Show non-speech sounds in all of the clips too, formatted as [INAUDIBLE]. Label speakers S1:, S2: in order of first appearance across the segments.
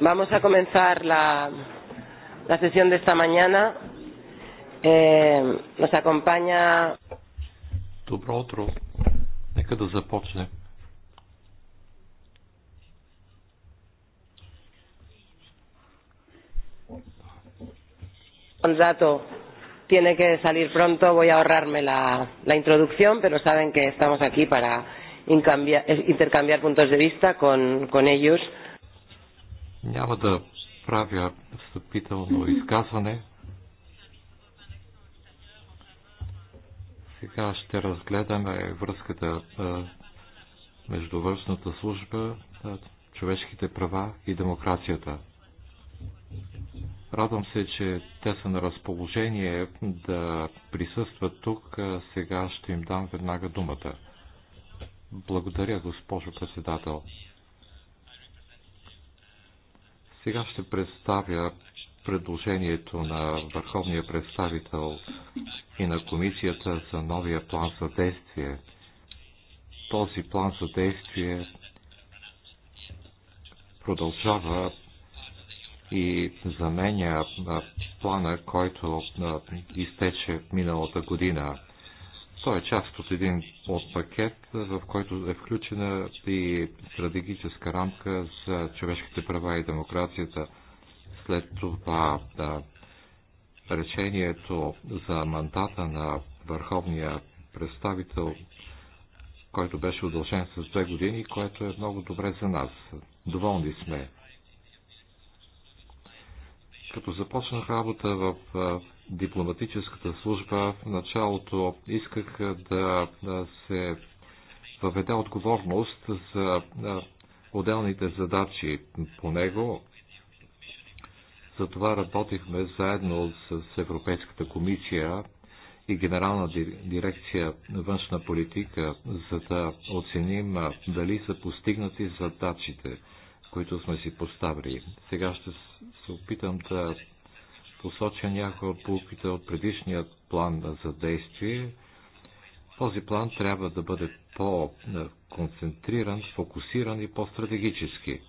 S1: Vamos a comenzar la, la sesión de esta mañana. Eh, nos acompaña.
S2: Добро утро. Нека да започнем.
S1: Contrato tiene que salir pronto. Voy a ahorrarme la, la introducción, pero saben que estamos aquí para intercambiar puntos de vista con, con ellos
S2: няма да правя встъпително изказване. Сега ще разгледаме връзката между външната служба, човешките права и демокрацията. Радвам се, че те са на разположение да присъстват тук. Сега ще им дам веднага думата. Благодаря, госпожо председател. Сега ще представя предложението на върховния представител и на комисията за новия план за действие. Този план за действие продължава и заменя плана, който изтече миналата година. Той е част от един от пакет, в който е включена и стратегическа рамка за човешките права и демокрацията. След това да, решението за мандата на върховния представител, който беше удължен с две години, което е много добре за нас. Доволни сме. Като започнах работа в дипломатическата служба, в началото исках да се въведе отговорност за отделните задачи по него. Затова работихме заедно с Европейската комисия и Генерална дирекция външна политика, за да оценим дали са постигнати задачите, които сме си поставили. Сега ще се опитам да посоча някои от полуките от предишния план за действие. Този план трябва да бъде по-концентриран, фокусиран и по-стратегически.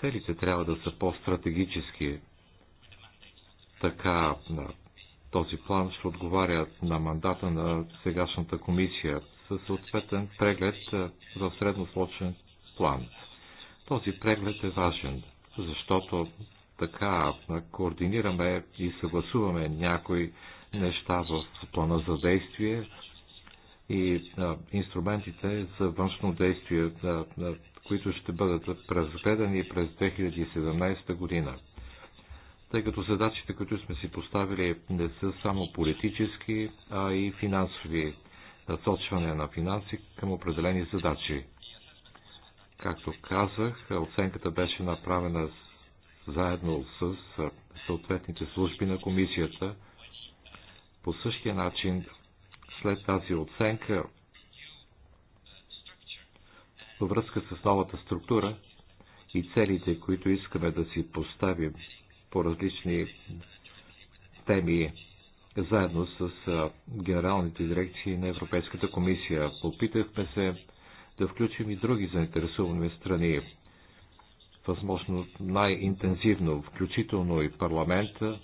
S2: Целите трябва да са по-стратегически. Така този план ще отговаря на мандата на сегашната комисия със съответен преглед в средносрочен план. Този преглед е важен, защото така координираме и съгласуваме някои неща в плана за действие и а, инструментите за външно действие, а, а, които ще бъдат разгледани през 2017 година. Тъй като задачите, които сме си поставили, не са само политически, а и финансови, насочване на финанси към определени задачи. Както казах, оценката беше направена заедно с съответните служби на комисията. По същия начин, след тази оценка, във връзка с новата структура и целите, които искаме да си поставим по различни теми, заедно с генералните дирекции на Европейската комисия. Попитахме се да включим и други заинтересувани страни, възможно най-интензивно, включително и парламента,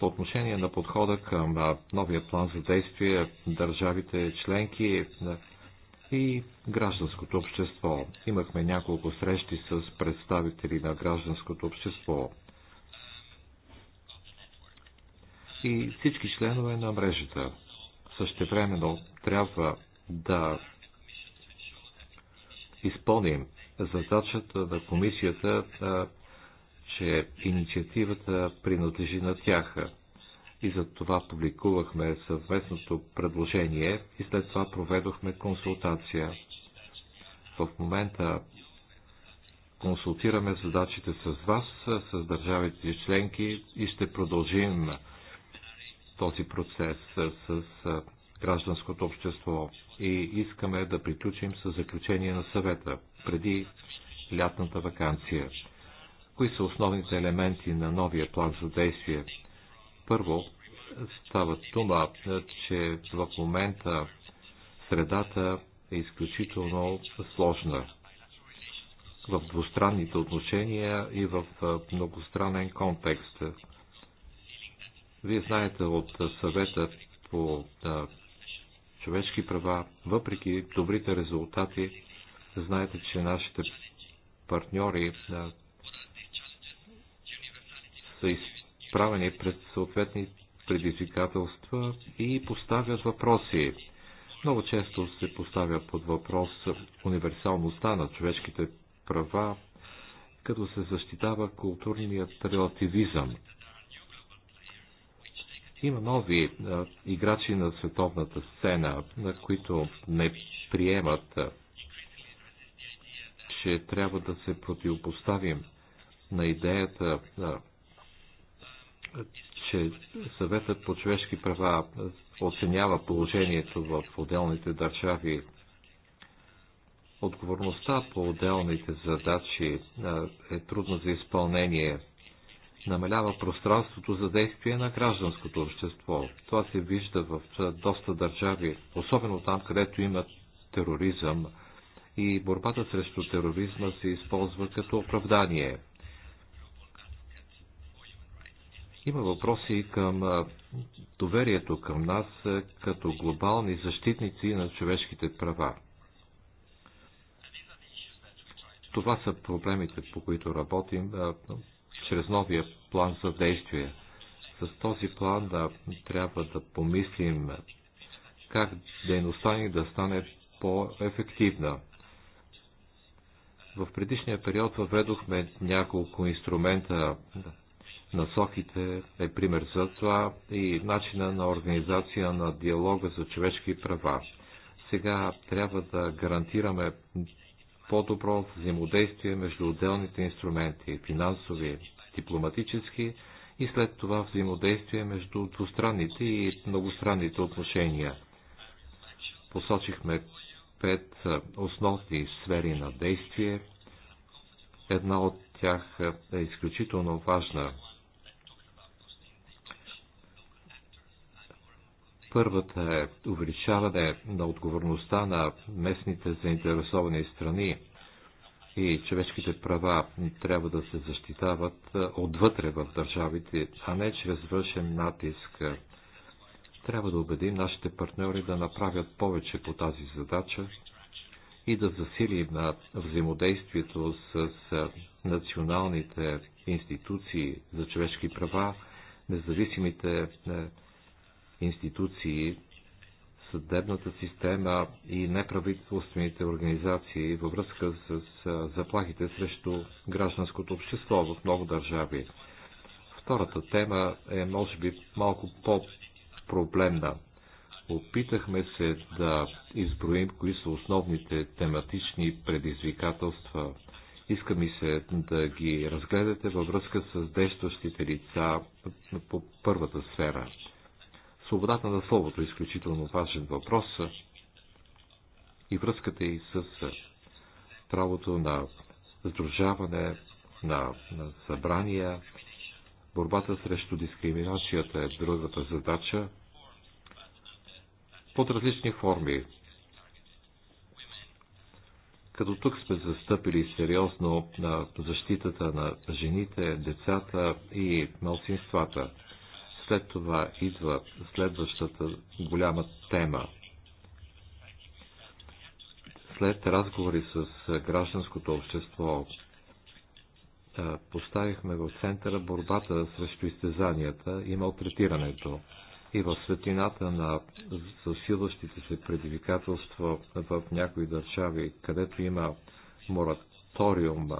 S2: по отношение на подхода към новия план за действие държавите членки и гражданското общество. Имахме няколко срещи с представители на гражданското общество и всички членове на мрежата. Същевременно трябва да изпълним задачата на комисията, е, че инициативата принадлежи на тях. И за това публикувахме съвместното предложение и след това проведохме консултация. В момента консултираме задачите с вас, с държавите и членки и ще продължим този процес с гражданското общество и искаме да приключим с заключение на съвета преди лятната вакансия. Кои са основните елементи на новия план за действие? Първо, става дума, че в момента средата е изключително сложна в двустранните отношения и в многостранен контекст. Вие знаете от съвета по човешки права, въпреки добрите резултати, знаете, че нашите партньори а, са изправени пред съответни предизвикателства и поставят въпроси. Много често се поставя под въпрос универсалността на човешките права, като се защитава културният релативизъм има нови играчи на световната сцена, на които не приемат, че трябва да се противопоставим на идеята, че съветът по човешки права оценява положението в отделните държави. Отговорността по отделните задачи е трудна за изпълнение – намалява пространството за действие на гражданското общество. Това се вижда в доста държави, особено там, където има тероризъм и борбата срещу тероризма се използва като оправдание. Има въпроси към доверието към нас като глобални защитници на човешките права. Това са проблемите, по които работим чрез новия план за действие. С този план да, трябва да помислим как дейността ни да стане по-ефективна. В предишния период въведохме няколко инструмента. Насоките е пример за това и начина на организация на диалога за човешки права. Сега трябва да гарантираме по-добро взаимодействие между отделните инструменти – финансови, дипломатически и след това взаимодействие между двустранните и многостранните отношения. Посочихме пет основни сфери на действие. Една от тях е изключително важна Първата е увеличаване на отговорността на местните заинтересовани страни и човешките права трябва да се защитават е, отвътре в държавите, а не чрез вършен натиск. Трябва да убедим нашите партньори да направят повече по тази задача и да засилим на е, взаимодействието с е, националните институции за човешки права, независимите институции, съдебната система и неправителствените организации във връзка с заплахите срещу гражданското общество в много държави. Втората тема е, може би, малко по-проблемна. Опитахме се да изброим кои са основните тематични предизвикателства. Иска ми се да ги разгледате във връзка с действащите лица по първата сфера Свободата на словото е изключително важен въпрос и връзката и с правото на сдружаване, на, на събрания. Борбата срещу дискриминацията е другата задача под различни форми. Като тук сме застъпили сериозно на защитата на жените, децата и малцинствата. След това идва следващата голяма тема. След разговори с гражданското общество, поставихме в центъра борбата срещу изтезанията и малтретирането и в светлината на засилващите се предизвикателства в някои държави, където има мораториум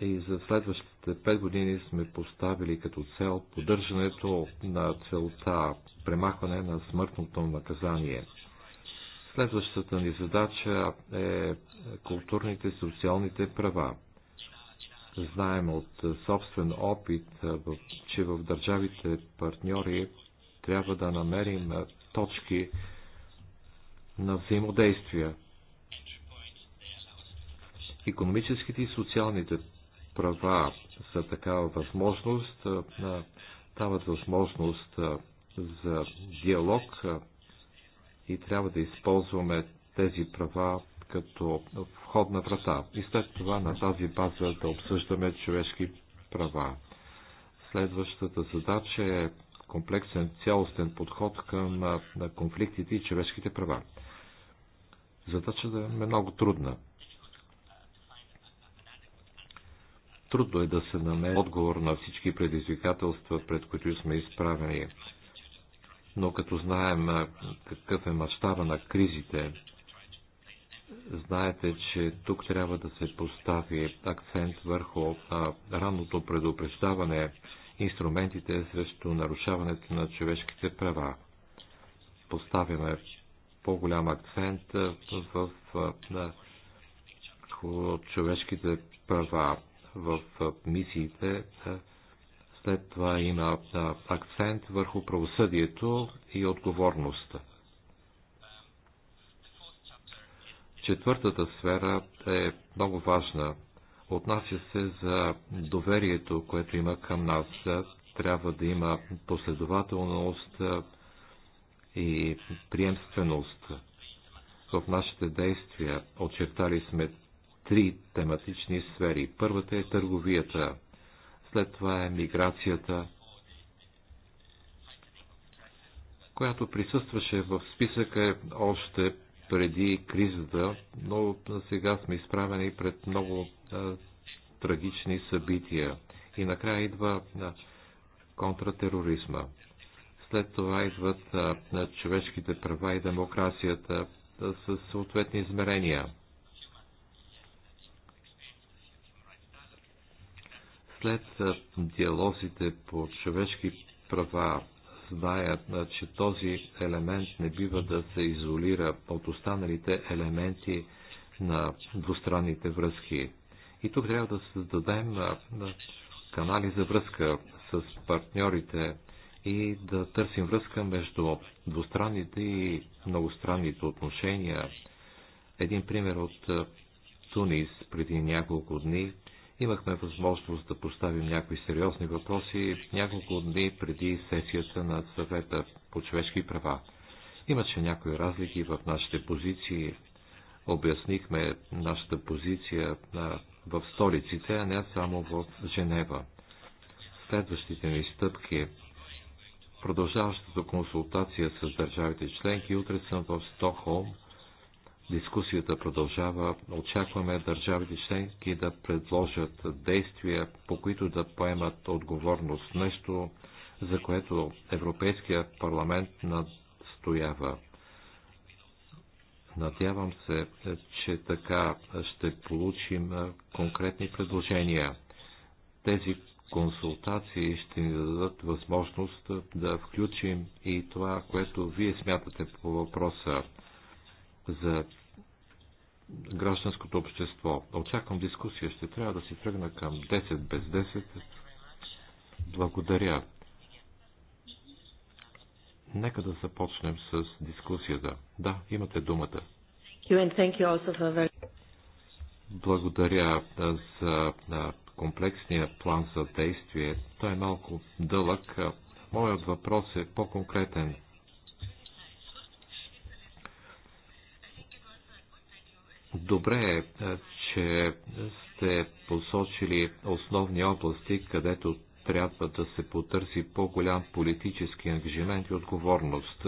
S2: и за следващите пет години сме поставили като цел поддържането на целта премахване на смъртното наказание. Следващата ни задача е културните и социалните права. Знаем от собствен опит, че в държавите партньори трябва да намерим точки на взаимодействия. Економическите и социалните права за такава възможност, дават възможност за диалог и трябва да използваме тези права като входна врата. И след това на тази база да обсъждаме човешки права. Следващата задача е комплексен цялостен подход към на конфликтите и човешките права. Задачата е много трудна. Трудно е да се намери отговор на всички предизвикателства, пред които сме изправени. Но като знаем какъв е мащаба на кризите, знаете, че тук трябва да се постави акцент върху а, ранното предупреждаване, инструментите срещу нарушаването на човешките права. Поставяме по-голям акцент в, в, в, в човешките права в мисиите. След това има акцент върху правосъдието и отговорността. Четвъртата сфера е много важна. Отнася се за доверието, което има към нас. Трябва да има последователност и приемственост в нашите действия. Очертали сме три тематични сфери. Първата е търговията, след това е миграцията, която присъстваше в списъка още преди кризата, но сега сме изправени пред много а, трагични събития. И накрая идва а, контратероризма. След това идват а, човешките права и демокрацията а, с съответни измерения. след диалозите по човешки права знаят, че този елемент не бива да се изолира от останалите елементи на двустранните връзки. И тук трябва да създадем канали за връзка с партньорите и да търсим връзка между двустранните и многостранните отношения. Един пример от Тунис преди няколко дни Имахме възможност да поставим някои сериозни въпроси няколко дни преди сесията на съвета по човешки права. Имаше някои разлики в нашите позиции. Обяснихме нашата позиция в столиците, а не само в Женева. Следващите ни стъпки продължаващата консултация с държавите членки. Утре съм в Стокхолм Дискусията продължава. Очакваме държавите членки да предложат действия, по които да поемат отговорност. Нещо, за което Европейския парламент надстоява. Надявам се, че така ще получим конкретни предложения. Тези консултации ще ни дадат възможност да включим и това, което вие смятате по въпроса за гражданското общество. Очаквам дискусия. Ще трябва да си тръгна към 10 без 10. Благодаря. Нека да започнем с дискусията. Да, имате думата. Благодаря за комплексния план за действие. Той е малко дълъг. Моят въпрос е по-конкретен. Добре е, е, че сте посочили основни области, където трябва да се потърси по-голям политически ангажимент и отговорност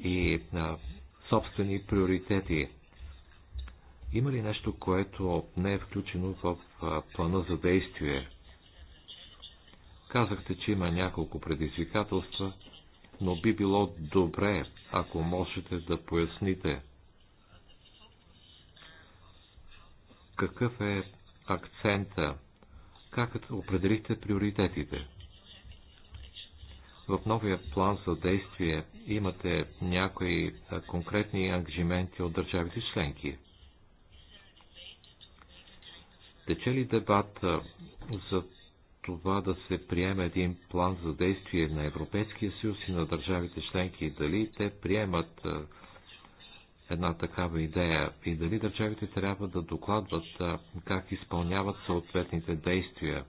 S2: и а, е, собствени приоритети. Има ли нещо, което не е включено в а, е, плана за действие? Казахте, че има няколко предизвикателства, но би било добре, ако можете да поясните какъв е акцента, как определихте приоритетите. В новия план за действие имате някои конкретни ангажименти от държавите членки. Тече ли дебат за това да се приеме един план за действие на Европейския съюз и на държавите членки, дали те приемат една такава идея и дали държавите трябва да докладват как изпълняват съответните действия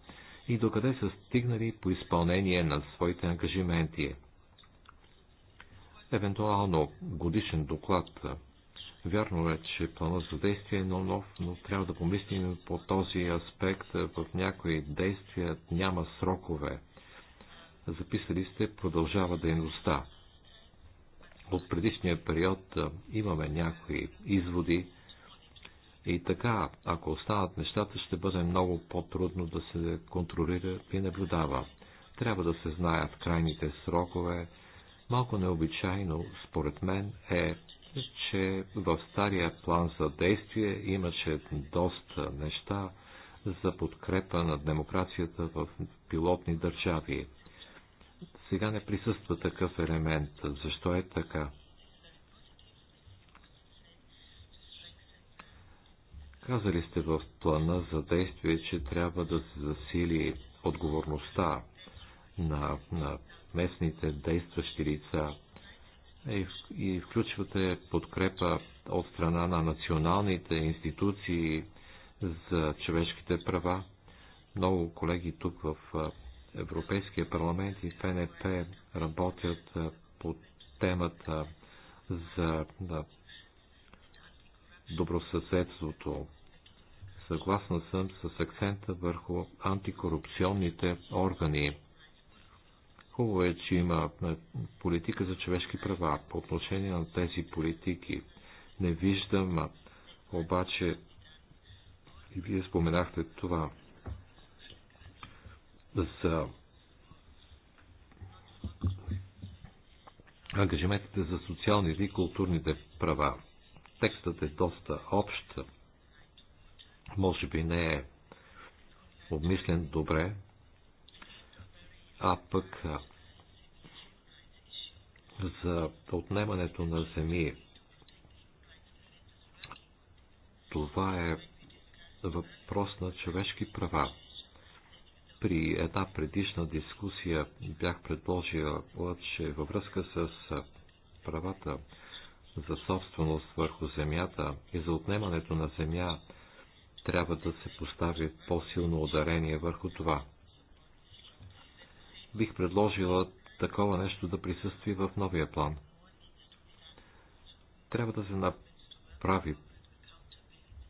S2: и докъде са стигнали по изпълнение на своите ангажименти. Евентуално годишен доклад. Вярно е, че планът за действие е нов, но трябва да помислим по този аспект. В някои действия няма срокове. Записали сте, продължава дейността от предишния период имаме някои изводи и така, ако останат нещата, ще бъде много по-трудно да се контролира и наблюдава. Трябва да се знаят крайните срокове. Малко необичайно, според мен, е, че в стария план за действие имаше доста неща за подкрепа на демокрацията в пилотни държави сега не присъства такъв елемент. Защо е така? Казали сте в плана за действие, че трябва да се засили отговорността на, на местните действащи лица е, и, и включвате подкрепа от страна на националните институции за човешките права. Много колеги тук в Европейския парламент и ФНП работят по темата за добросъседството. Съгласна съм с акцента върху антикорупционните органи. Хубаво е, че има политика за човешки права. По отношение на тези политики не виждам обаче и вие споменахте това за ангажиментите за социалните и културните права. Текстът е доста общ, може би не е обмислен добре, а пък за отнемането на земи. Това е въпрос на човешки права. При една предишна дискусия бях предложил, че във връзка с правата за собственост върху земята и за отнемането на земя трябва да се постави по-силно ударение върху това. Бих предложила такова нещо да присъстви в новия план. Трябва да се направи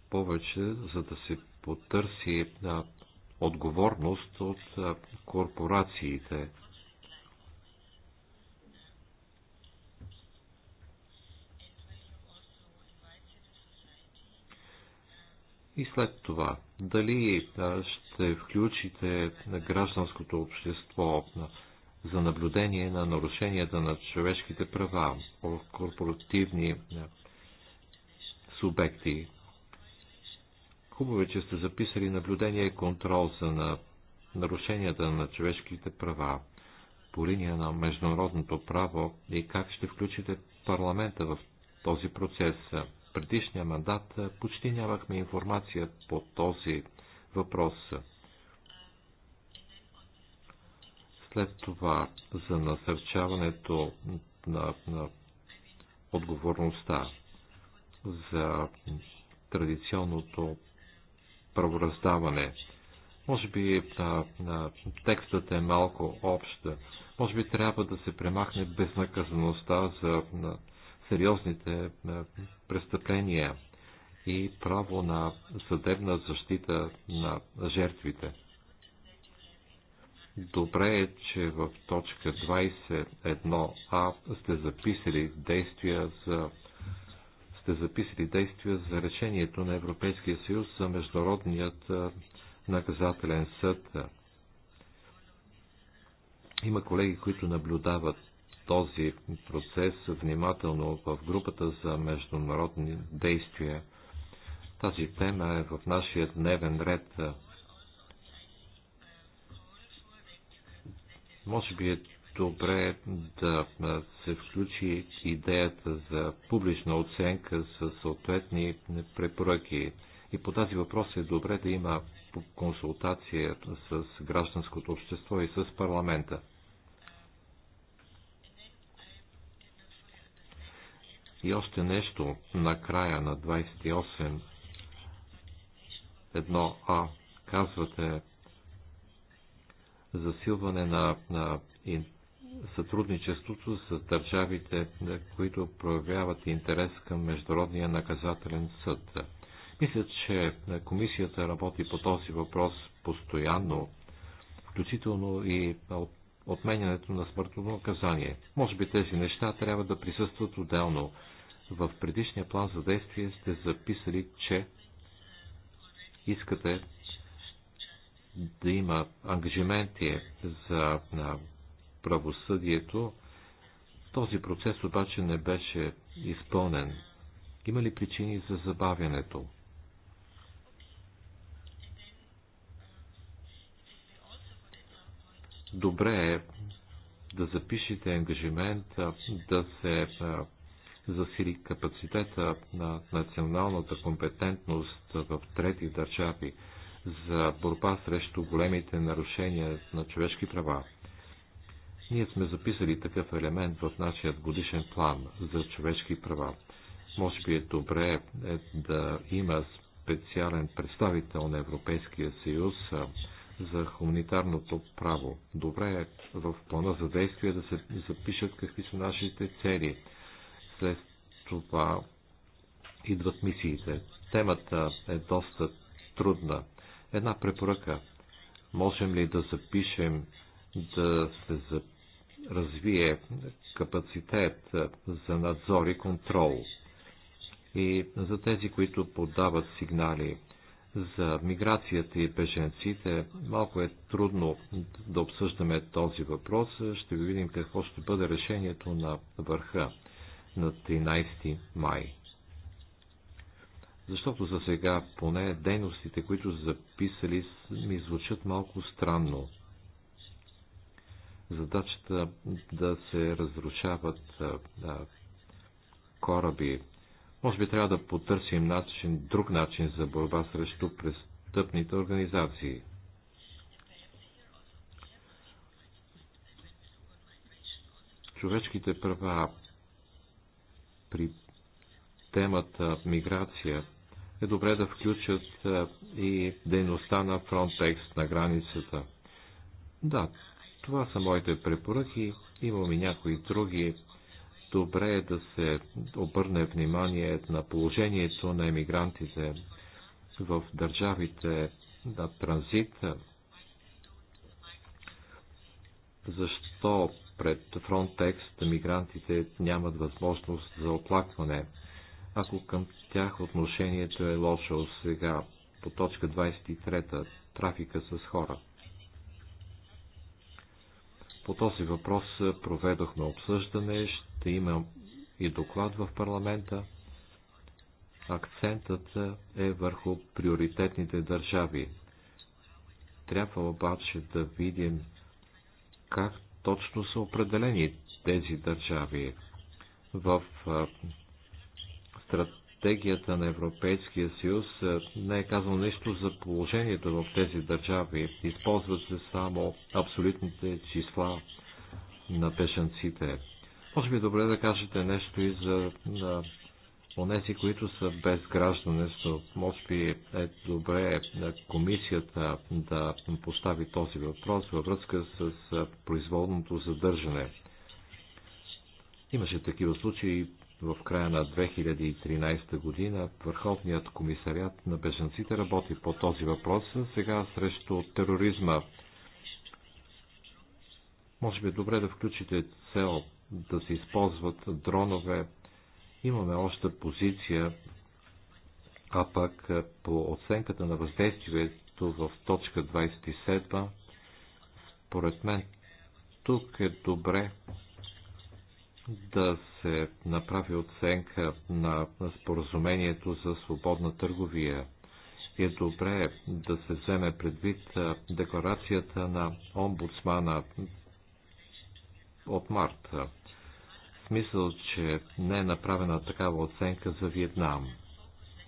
S2: повече, за да се потърси отговорност от корпорациите. И след това, дали ще включите на гражданското общество за наблюдение на нарушенията на човешките права от корпоративни субекти Хубаво е, че сте записали наблюдение и контрол за на нарушенията на човешките права по линия на международното право и как ще включите парламента в този процес. Предишния мандат е, почти нямахме информация по този въпрос. След това за насърчаването на, на отговорността за традиционното правораздаване. Може би а, а, текстът е малко общ. Може би трябва да се премахне безнаказаността за на сериозните на престъпления и право на съдебна защита на жертвите. Добре е, че в точка 21а сте записали действия за сте записали действия за решението на Европейския съюз за Международният наказателен съд. Има колеги, които наблюдават този процес внимателно в групата за международни действия. Тази тема е в нашия дневен ред. Може би е добре е да се включи идеята за публична оценка с съответни препоръки. И по тази въпрос е добре да има консултация с гражданското общество и с парламента. И още нещо на края на 28 едно а казвате засилване на, на сътрудничеството с държавите, е, които проявяват интерес към Международния наказателен съд. Мисля, че е, комисията работи по този въпрос постоянно, включително и от отменянето на смъртно наказание. Може би тези неща трябва да присъстват отделно. В предишния план за действие сте записали, че искате да има ангажименти за правосъдието. Този процес обаче не беше изпълнен. Има ли причини за забавянето? Добре е да запишете ангажимент да се засили капацитета на националната компетентност в трети държави за борба срещу големите нарушения на човешки права. Ние сме записали такъв елемент в нашия годишен план за човешки права. Може би е добре е да има специален представител на Европейския съюз за хуманитарното право. Добре е в плана за действие да се запишат какви са нашите цели. След това идват мисиите. Темата е доста трудна. Една препоръка. Можем ли да запишем да се запишем развие капацитет за надзор и контрол. И за тези, които подават сигнали за миграцията и беженците, малко е трудно да обсъждаме този въпрос. Ще ви видим какво ще бъде решението на върха на 13 май. Защото за сега поне дейностите, които записали, ми звучат малко странно задачата да се разрушават кораби. Може би трябва да потърсим начин, друг начин за борба срещу престъпните организации. Човешките права при темата миграция е добре да включат и дейността на Frontex на границата. Да, това са моите препоръки. Имам и някои други. Добре е да се обърне внимание на положението на емигрантите в държавите на транзит. Защо пред Frontex мигрантите нямат възможност за оплакване, ако към тях отношението е лошо сега по точка 23 трафика с хора. По този въпрос е, проведохме обсъждане, ще има и доклад в парламента. Акцентът е, е върху приоритетните държави. Трябва обаче да видим как точно са определени тези държави в е, стратегията на Европейския съюз е, не е казано нищо за положението в тези държави. Използват се само абсолютните числа на пешенците. Може би е добре да кажете нещо и за онези, които са без гражданство. Може би е добре комисията да постави този въпрос във връзка с е, произволното задържане. Имаше такива случаи в края на 2013 година Върховният комисарят на бежанците работи по този въпрос, сега срещу тероризма. Може би добре да включите цел да се използват дронове. Имаме още позиция, а пък по оценката на въздействието в точка 27, според мен тук е добре да се направи оценка на споразумението за свободна търговия. И е добре да се вземе предвид декларацията на омбудсмана от марта, В смисъл, че не е направена такава оценка за Виетнам.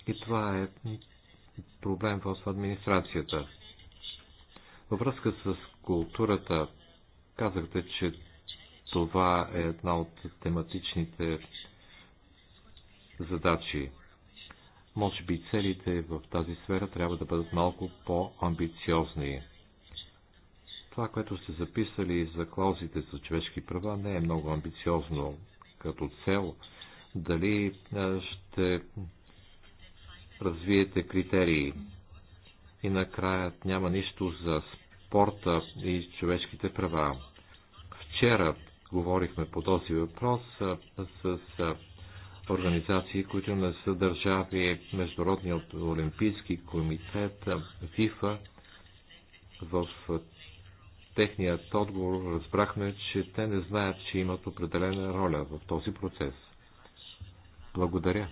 S2: И това е проблем в администрацията. Във връзка с културата казахте, че това е една от тематичните задачи. Може би целите в тази сфера трябва да бъдат малко по-амбициозни. Това, което сте записали за клаузите за човешки права, не е много амбициозно като цел. Дали е, ще развиете критерии? И накрая няма нищо за спорта и човешките права. Вчера говорихме по този въпрос с организации, които не са държави, Международният олимпийски комитет, ФИФА. В техният отговор разбрахме, че те не знаят, че имат определена роля в този процес. Благодаря.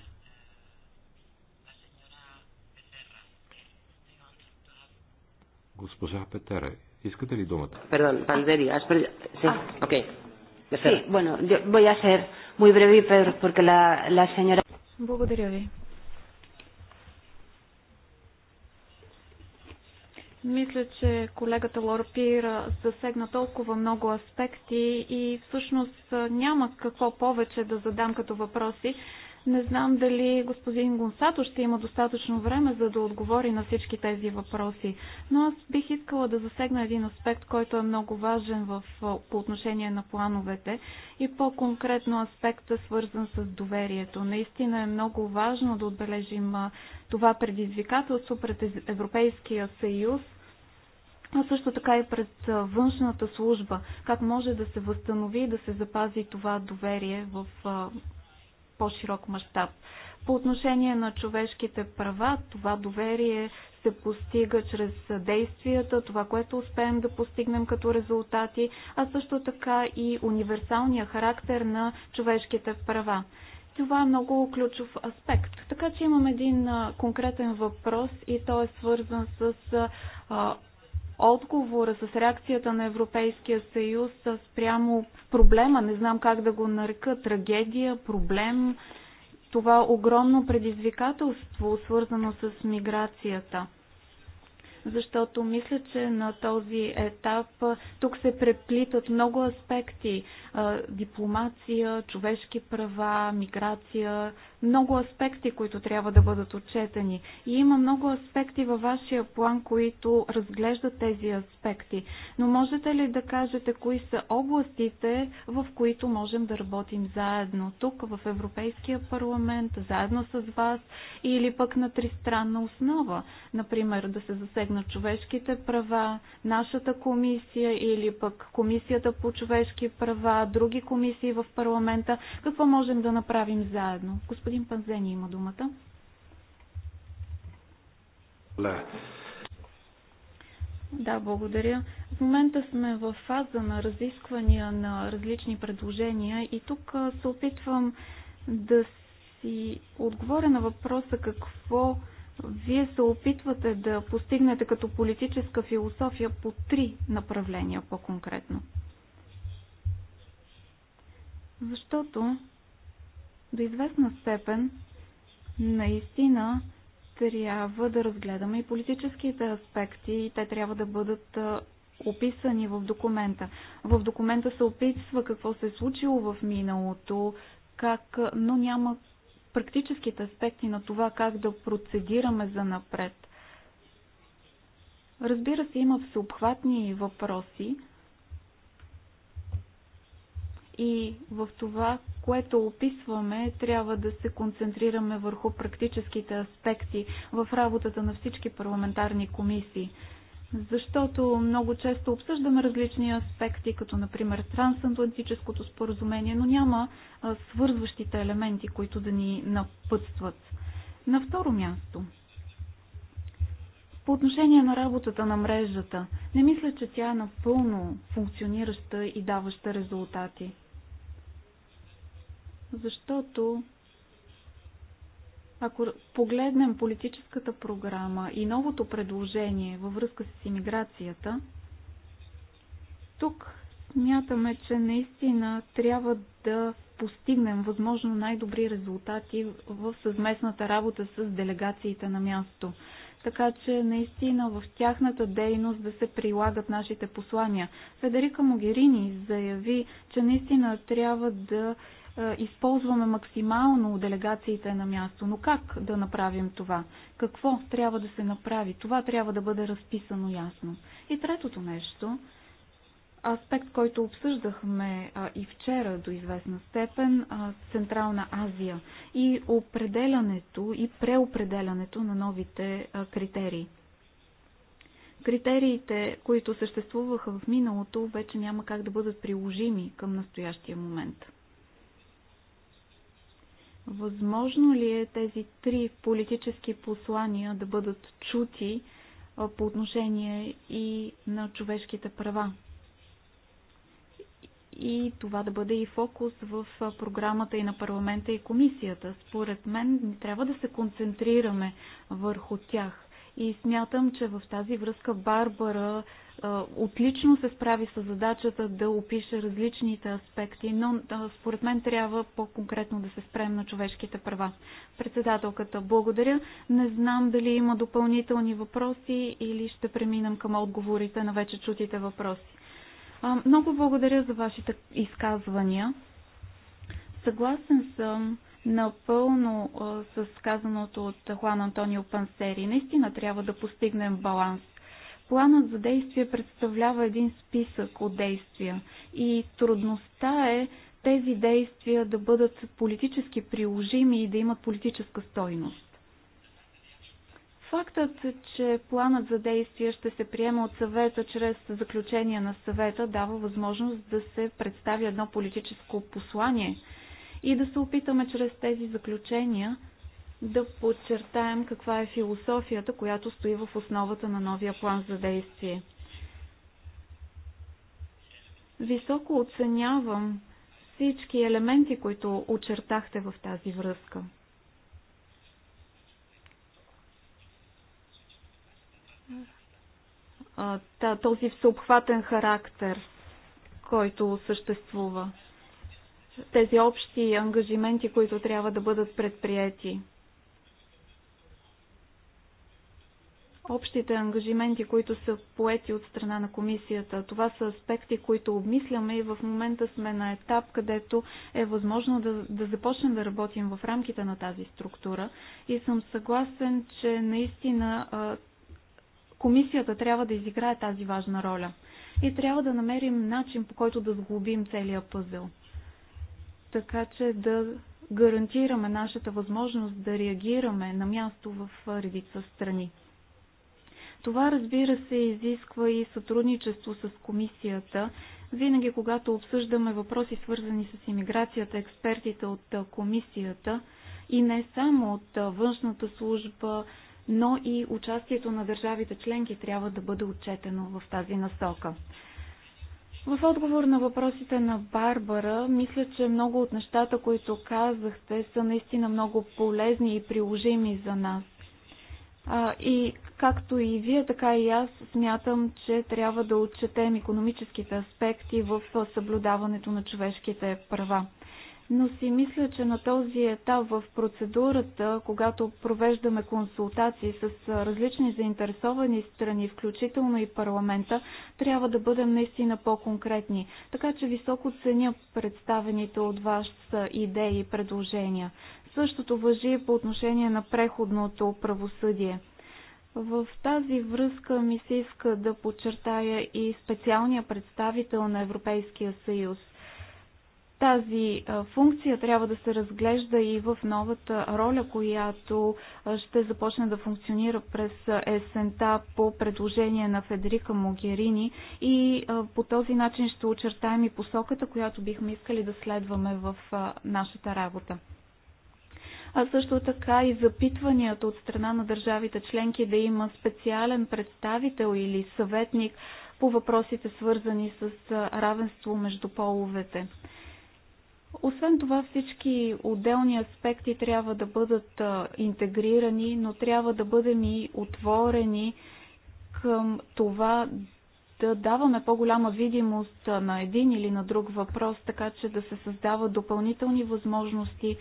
S2: Госпожа Петера, искате ли думата?
S1: Perdón, Пандери, аз пред... окей. Okay. Sí, bueno, yo voy a ser muy breve porque la, la señora...
S3: Благодаря ви. Мисля, че колегата Лорпир засегна толкова много аспекти и всъщност няма какво повече да задам като въпроси. Не знам дали господин Гонсато ще има достатъчно време, за да отговори на всички тези въпроси, но аз бих искала да засегна един аспект, който е много важен в, по отношение на плановете и по-конкретно аспекта свързан с доверието. Наистина е много важно да отбележим това предизвикателство пред Европейския съюз, а също така и пред външната служба, как може да се възстанови и да се запази това доверие в по-широк мащаб. По отношение на човешките права, това доверие се постига чрез действията, това, което успеем да постигнем като резултати, а също така и универсалния характер на човешките права. Това е много ключов аспект. Така че имам един конкретен въпрос и той е свързан с отговора, с реакцията на Европейския съюз спрямо проблема, не знам как да го нарека, трагедия, проблем, това огромно предизвикателство, свързано с миграцията – защото мисля, че на този етап тук се преплитат много аспекти. Дипломация, човешки права, миграция, много аспекти, които трябва да бъдат отчетени. И има много аспекти във вашия план, които разглеждат тези аспекти. Но можете ли да кажете кои са областите, в които можем да работим заедно тук, в Европейския парламент, заедно с вас или пък на тристранна основа? Например, да се засегнат на човешките права, нашата комисия или пък комисията по човешки права, други комисии в парламента, какво можем да направим заедно? Господин Панзени има думата. Да. Да, благодаря. В момента сме в фаза на разисквания на различни предложения и тук се опитвам да си отговоря на въпроса какво вие се опитвате да постигнете като политическа философия по три направления по-конкретно. Защото до известна степен наистина трябва да разгледаме и политическите аспекти и те трябва да бъдат описани в документа. В документа се описва какво се е случило в миналото, как, но няма практическите аспекти на това как да процедираме за напред. Разбира се, има всеобхватни въпроси и в това, което описваме, трябва да се концентрираме върху практическите аспекти в работата на всички парламентарни комисии – защото много често обсъждаме различни аспекти, като например трансатлантическото споразумение, но няма свързващите елементи, които да ни напътстват. На второ място, по отношение на работата на мрежата, не мисля, че тя е напълно функционираща и даваща резултати. Защото ако погледнем политическата програма и новото предложение във връзка с иммиграцията, тук смятаме, че наистина трябва да постигнем възможно най-добри резултати в съвместната работа с делегациите на място. Така че наистина в тяхната дейност да се прилагат нашите послания. Федерика Могерини заяви, че наистина трябва да е, използваме максимално делегациите на място. Но как да направим това? Какво трябва да се направи? Това трябва да бъде разписано ясно. И третото нещо, аспект, който обсъждахме а, и вчера до известна степен, а, Централна Азия и определянето и преопределянето на новите а, критерии. Критериите, които съществуваха в миналото, вече няма как да бъдат приложими към настоящия момент. Възможно ли е тези три политически послания да бъдат чути по отношение и на човешките права? И това да бъде и фокус в програмата и на парламента и комисията. Според мен трябва да се концентрираме върху тях. И смятам, че в тази връзка Барбара а, отлично се справи с задачата да опише различните аспекти, но а, според мен трябва по-конкретно да се спрем на човешките права. Председателката, благодаря. Не знам дали има допълнителни въпроси или ще преминам към отговорите на вече чутите въпроси. А, много благодаря за вашите изказвания. Съгласен съм напълно с казаното от Хуан Антонио Пансери. Наистина трябва да постигнем баланс. Планът за действие представлява един списък от действия и трудността е тези действия да бъдат политически приложими и да имат политическа стойност. Фактът, че планът за действие ще се приема от съвета чрез заключение на съвета, дава възможност да се представи едно политическо послание – и да се опитаме чрез тези заключения да подчертаем каква е философията, която стои в основата на новия план за действие. Високо оценявам всички елементи, които очертахте в тази връзка. Този всеобхватен характер, който съществува тези общи ангажименти, които трябва да бъдат предприяти. Общите ангажименти, които са поети от страна на комисията, това са аспекти, които обмисляме и в момента сме на етап, където е възможно да, да започнем да работим в рамките на тази структура. И съм съгласен, че наистина комисията трябва да изиграе тази важна роля. И трябва да намерим начин, по който да сглобим целия пъзел така че да гарантираме нашата възможност да реагираме на място в редица страни. Това, разбира се, изисква и сътрудничество с комисията. Винаги, когато обсъждаме въпроси, свързани с иммиграцията, експертите от комисията и не само от външната служба, но и участието на държавите членки трябва да бъде отчетено в тази насока. В отговор на въпросите на Барбара, мисля, че много от нещата, които казахте, са наистина много полезни и приложими за нас. И както и вие, така и аз смятам, че трябва да отчетем економическите аспекти в съблюдаването на човешките права но си мисля, че на този етап в процедурата, когато провеждаме консултации с различни заинтересовани страни, включително и парламента, трябва да бъдем наистина по-конкретни. Така че високо ценя представените от вас идеи и предложения. Същото въжи по отношение на преходното правосъдие. В тази връзка ми се иска да подчертая и специалния представител на Европейския съюз. Тази функция трябва да се разглежда и в новата роля, която ще започне да функционира през есента по предложение на Федерика Могерини и по този начин ще очертаем и посоката, която бихме искали да следваме в нашата работа а също така и запитванията от страна на държавите членки да има специален представител или съветник по въпросите свързани с равенство между половете. Освен това всички отделни аспекти трябва да бъдат интегрирани, но трябва да бъдем и отворени към това да даваме по-голяма видимост на един или на друг въпрос, така че да се създават допълнителни възможности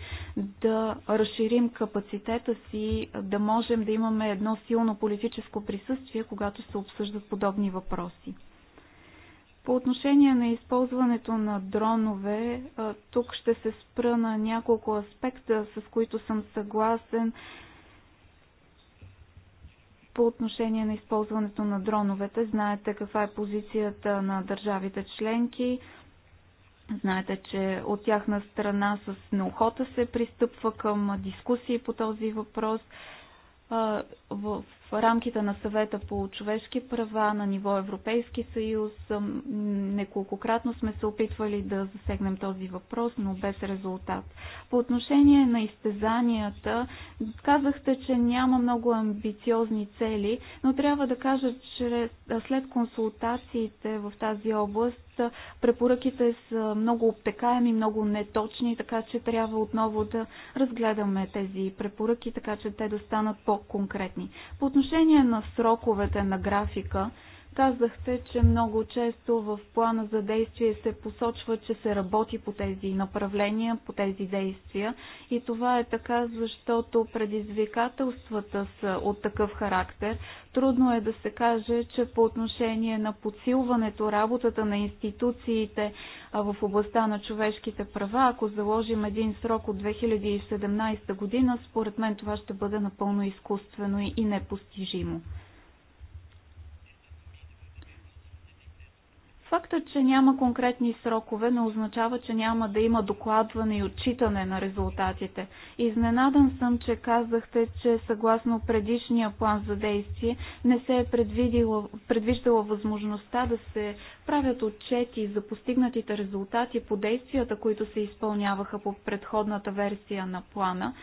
S3: да разширим капацитета си, да можем да имаме едно силно политическо присъствие, когато се обсъждат подобни въпроси. По отношение на използването на дронове, тук ще се спра на няколко аспекта, с които съм съгласен по отношение на използването на дроновете. Знаете каква е позицията на държавите членки. Знаете, че от тяхна страна с неохота се пристъпва към дискусии по този въпрос. В рамките на съвета по човешки права на ниво Европейски съюз. Неколкократно сме се опитвали да засегнем този въпрос, но без резултат. По отношение на изтезанията, казахте, че няма много амбициозни цели, но трябва да кажа, че след консултациите в тази област препоръките са много обтекаеми, много неточни, така че трябва отново да разгледаме тези препоръки, така че те да станат по-конкретни. По отношение на сроковете на графика, Казахте, че много често в плана за действие се посочва, че се работи по тези направления, по тези действия. И това е така, защото предизвикателствата са от такъв характер. Трудно е да се каже, че по отношение на подсилването работата на институциите в областта на човешките права, ако заложим един срок от 2017 година, според мен това ще бъде напълно изкуствено и непостижимо. Фактът, че няма конкретни срокове, не означава, че няма да има докладване и отчитане на резултатите. Изненадан съм, че казахте, че съгласно предишния план за действие не се е предвиждала възможността да се правят отчети за постигнатите резултати по действията, които се изпълняваха по предходната версия на плана.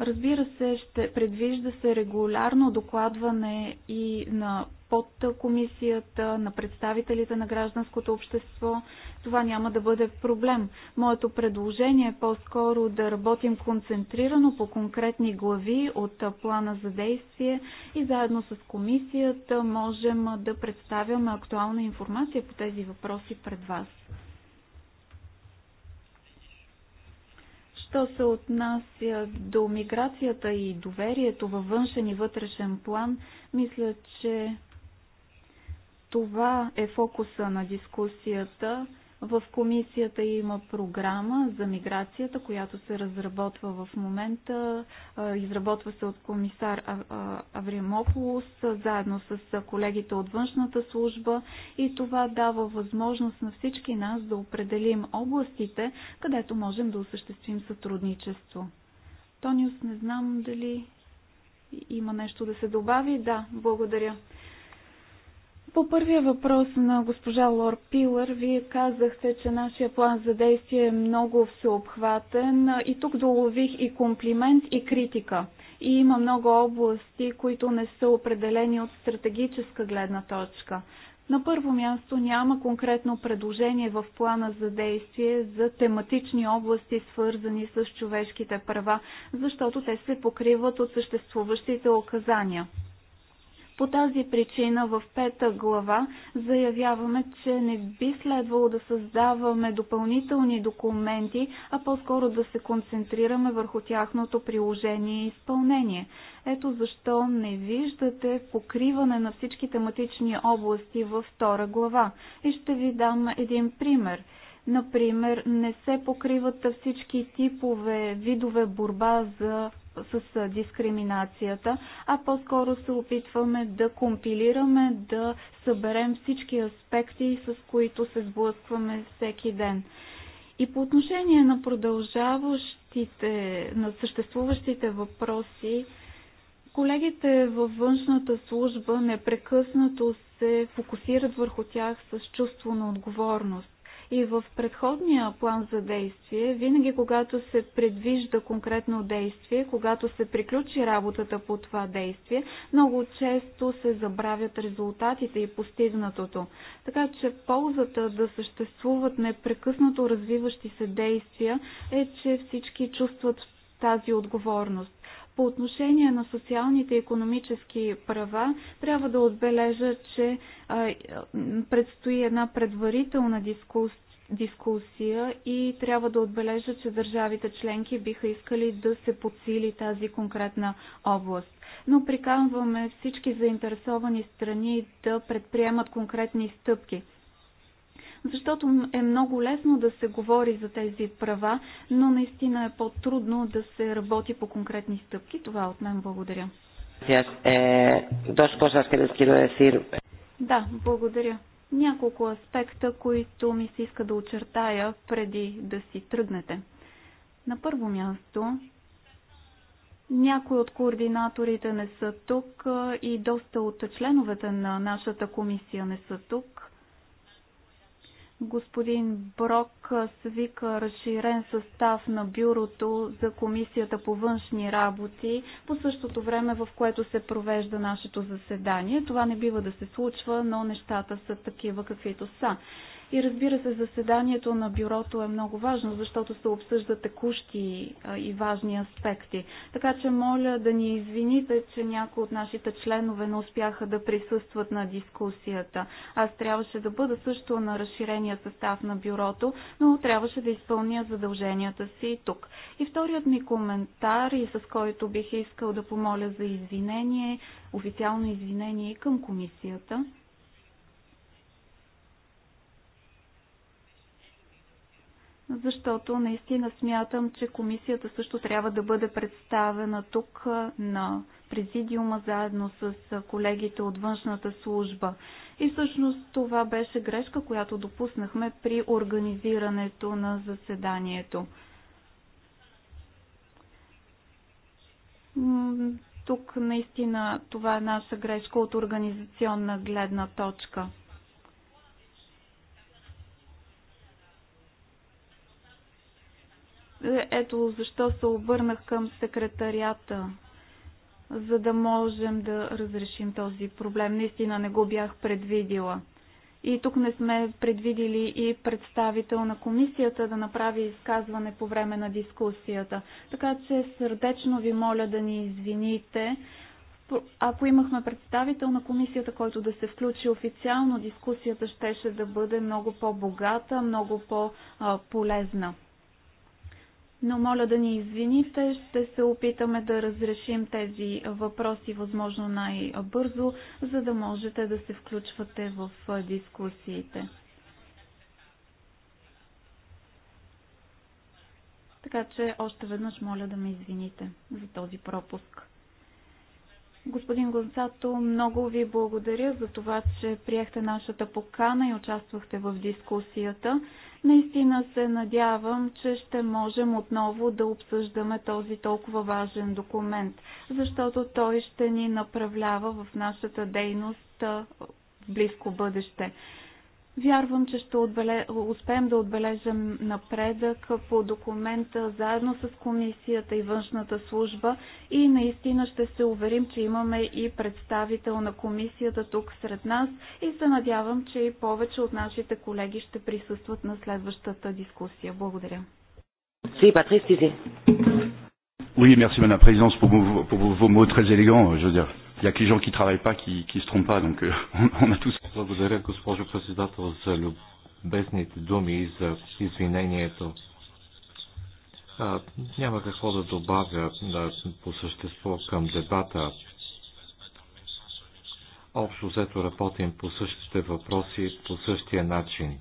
S3: Разбира се, ще предвижда се регулярно докладване и на под комисията, на представителите на гражданското общество. Това няма да бъде проблем. Моето предложение е по-скоро да работим концентрирано по конкретни глави от плана за действие и заедно с комисията можем да представяме актуална информация по тези въпроси пред вас. Що се отнася до миграцията и доверието във външен и вътрешен план, мисля, че това е фокуса на дискусията. В комисията има програма за миграцията, която се разработва в момента. Изработва се от комисар Авримополос, заедно с колегите от външната служба и това дава възможност на всички нас да определим областите, където можем да осъществим сътрудничество. Тониус, не знам дали има нещо да се добави. Да, благодаря. По първия въпрос на госпожа Лор Пилър, вие казахте, че нашия план за действие е много всеобхватен и тук долових и комплимент и критика. И има много области, които не са определени от стратегическа гледна точка. На първо място няма конкретно предложение в плана за действие за тематични области, свързани с човешките права, защото те се покриват от съществуващите оказания. По тази причина в пета глава заявяваме, че не би следвало да създаваме допълнителни документи, а по-скоро да се концентрираме върху тяхното приложение и изпълнение. Ето защо не виждате покриване на всички тематични области във втора глава. И ще ви дам един пример. Например, не се покриват всички типове, видове борба за с дискриминацията, а по-скоро се опитваме да компилираме, да съберем всички аспекти, с които се сблъскваме всеки ден. И по отношение на продължаващите, на съществуващите въпроси, колегите във външната служба непрекъснато се фокусират върху тях с чувство на отговорност. И в предходния план за действие, винаги когато се предвижда конкретно действие, когато се приключи работата по това действие, много често се забравят резултатите и постигнатото. Така че ползата да съществуват непрекъснато развиващи се действия е, че всички чувстват тази отговорност. По отношение на социалните и економически права, трябва да отбележа, че предстои една предварителна дискусия дискусия и трябва да отбележа, че държавите членки биха искали да се подсили тази конкретна област. Но приканваме всички заинтересовани страни да предприемат конкретни стъпки – защото е много лесно да се говори за тези права, но наистина е по-трудно да се работи по конкретни стъпки. Това от мен благодаря.
S1: Eh,
S3: да, благодаря. Няколко аспекта, които ми се иска да очертая преди да си тръгнете. На първо място, някои от координаторите не са тук и доста от членовете на нашата комисия не са тук. Господин Брок свика разширен състав на бюрото за Комисията по външни работи по същото време, в което се провежда нашето заседание. Това не бива да се случва, но нещата са такива, каквито са. И разбира се, заседанието на бюрото е много важно, защото се обсъждат текущи и важни аспекти. Така че моля да ни извините, че някои от нашите членове не успяха да присъстват на дискусията. Аз трябваше да бъда също на разширения състав на бюрото, но трябваше да изпълня задълженията си и тук. И вторият ми коментар, и с който бих искал да помоля за извинение, официално извинение и към комисията, защото наистина смятам, че комисията също трябва да бъде представена тук на президиума заедно с колегите от външната служба. И всъщност това беше грешка, която допуснахме при организирането на заседанието. Тук наистина това е наша грешка от организационна гледна точка. Ето защо се обърнах към секретарията, за да можем да разрешим този проблем. Наистина не го бях предвидила. И тук не сме предвидили и представител на комисията да направи изказване по време на дискусията. Така че сърдечно ви моля да ни извините. Ако имахме представител на комисията, който да се включи официално, дискусията щеше да бъде много по-богата, много по-полезна но моля да ни извините. Ще се опитаме да разрешим тези въпроси възможно най-бързо, за да можете да се включвате в дискусиите. Така че още веднъж моля да ме извините за този пропуск. Господин Гонцато, много ви благодаря за това, че приехте нашата покана и участвахте в дискусията. Наистина се надявам, че ще можем отново да обсъждаме този толкова важен документ, защото той ще ни направлява в нашата дейност в близко бъдеще. Вярвам, че ще отбеле... успеем да отбележим напредък по документа заедно с комисията и външната служба и наистина ще се уверим, че имаме и представител на комисията тук сред нас и се надявам, че и повече от нашите колеги ще присъстват на следващата дискусия. Благодаря.
S1: Си, Патрис, ти си.
S2: Oui, merci Madame la Présidence pour vos mots très élégants, je veux dire il n'y a que les gens qui ne travaillent pas qui, qui se trompent pas. Donc, euh, [LAUGHS] on, on a tous. Благодаря, госпожо председател, за любезните думи и за извинението. А, няма какво да добавя да, по същество към дебата. Общо взето работим по същите въпроси, по същия начин.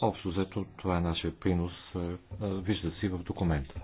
S2: Общо взето това е нашия принос. Вижда си в документа.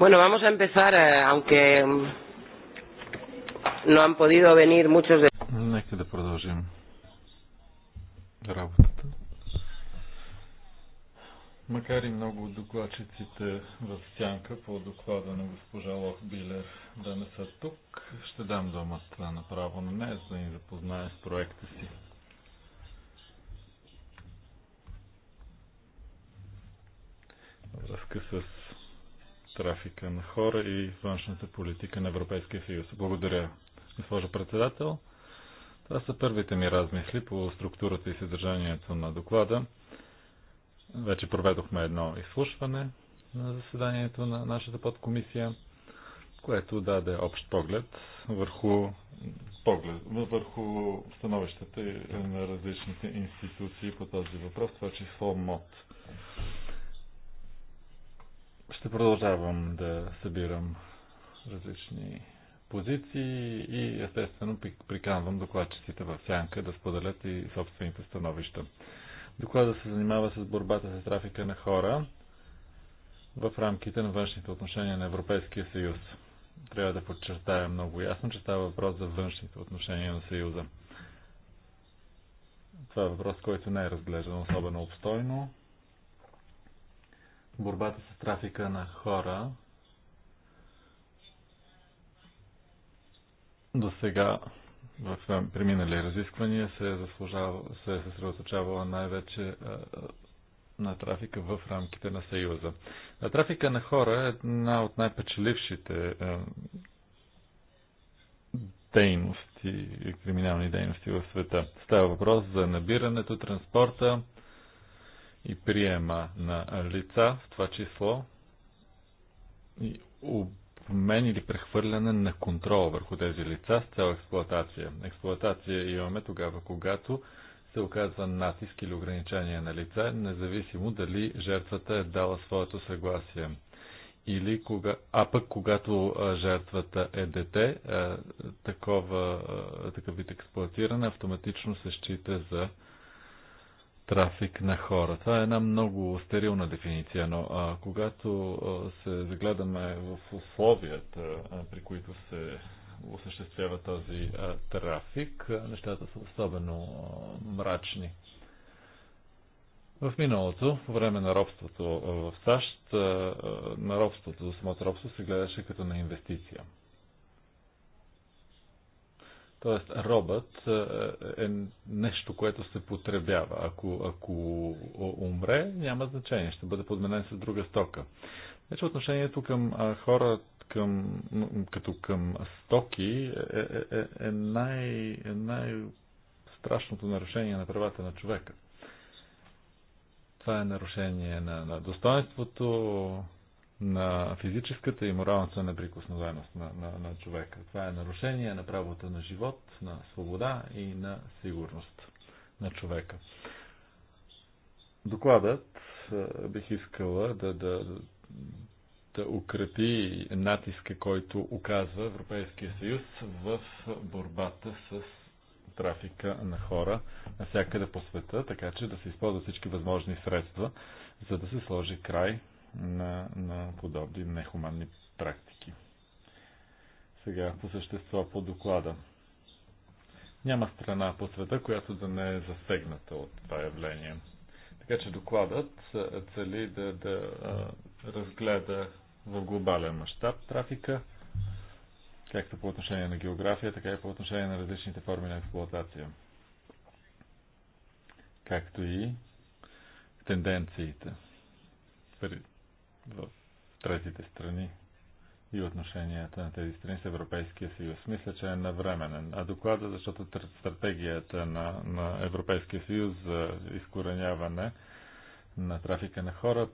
S1: Bueno, vamos a empezar, eh, aunque mm, no han podido venir muchos de...
S4: Нека да продължим работата. Макар и много от докладчиците в сянка по доклада на госпожа Лохбилер да не са тук, ще дам думата направо на нея, за да ни запознае с проекта си. връзка с трафика на хора и външната политика на Европейския съюз. Благодаря, госпожо председател. Това са първите ми размисли по структурата и съдържанието на доклада. Вече проведохме едно изслушване на заседанието на нашата подкомисия, което даде общ поглед върху, поглед, върху становищата на различните институции по този въпрос, това число МОД. Ще продължавам да събирам различни позиции и естествено приканвам докладчиците в сянка да споделят и собствените становища. Доклада се занимава с борбата с трафика на хора в рамките на външните отношения на Европейския съюз. Трябва да подчертая много ясно, че става въпрос за външните отношения на Съюза. Това е въпрос, който не е разглеждан особено обстойно борбата с трафика на хора. До сега в преминали разисквания се, е, се е съсредоточавала най-вече на трафика в рамките на Съюза. А трафика на хора е една от най-печелившите дейности, криминални дейности в света. Става въпрос за набирането, транспорта, и приема на лица, в това число и обмен или прехвърляне на контрол върху тези лица с цел експлоатация. Експлоатация имаме тогава, когато се оказва натиск или ограничение на лица, независимо дали жертвата е дала своето съгласие. Или кога... А пък когато жертвата е дете, такова, такъв вид експлоатиране автоматично се счита за трафик на хора. Това е една много стерилна дефиниция, но а, когато а, се загледаме в условията, а, при които се осъществява този а, трафик, а, нещата са особено а, мрачни. В миналото, по време на робството в САЩ, на робството, самото робство се гледаше като на инвестиция. Тоест, робът е, е, е нещо, което се потребява. Ако, ако умре, няма значение, ще бъде подменен с друга стока. Вече значи, отношението към хора, към, като към стоки, е, е, е, е най, най страшното нарушение на правата на човека. Това е нарушение на, на достоинството, на физическата и моралната неприкосновеност на, на, на човека. Това е нарушение на правото на живот, на свобода и на сигурност на човека. Докладът е, бих искала да, да, да укрепи натиска, който оказва Европейския съюз в борбата с трафика на хора навсякъде по света, така че да се използват всички възможни средства, за да се сложи край на, на подобни нехуманни практики. Сега по същество по доклада. Няма страна по света, която да не е засегната от това явление. Така че докладът цели да, да разгледа в глобален мащаб трафика, както по отношение на география, така и по отношение на различните форми на експлуатация. Както и тенденциите в третите страни и отношенията на тези страни с Европейския съюз. Мисля, че е навременен. А доклада, защото стратегията на, на Европейския съюз за изкореняване на трафика на хора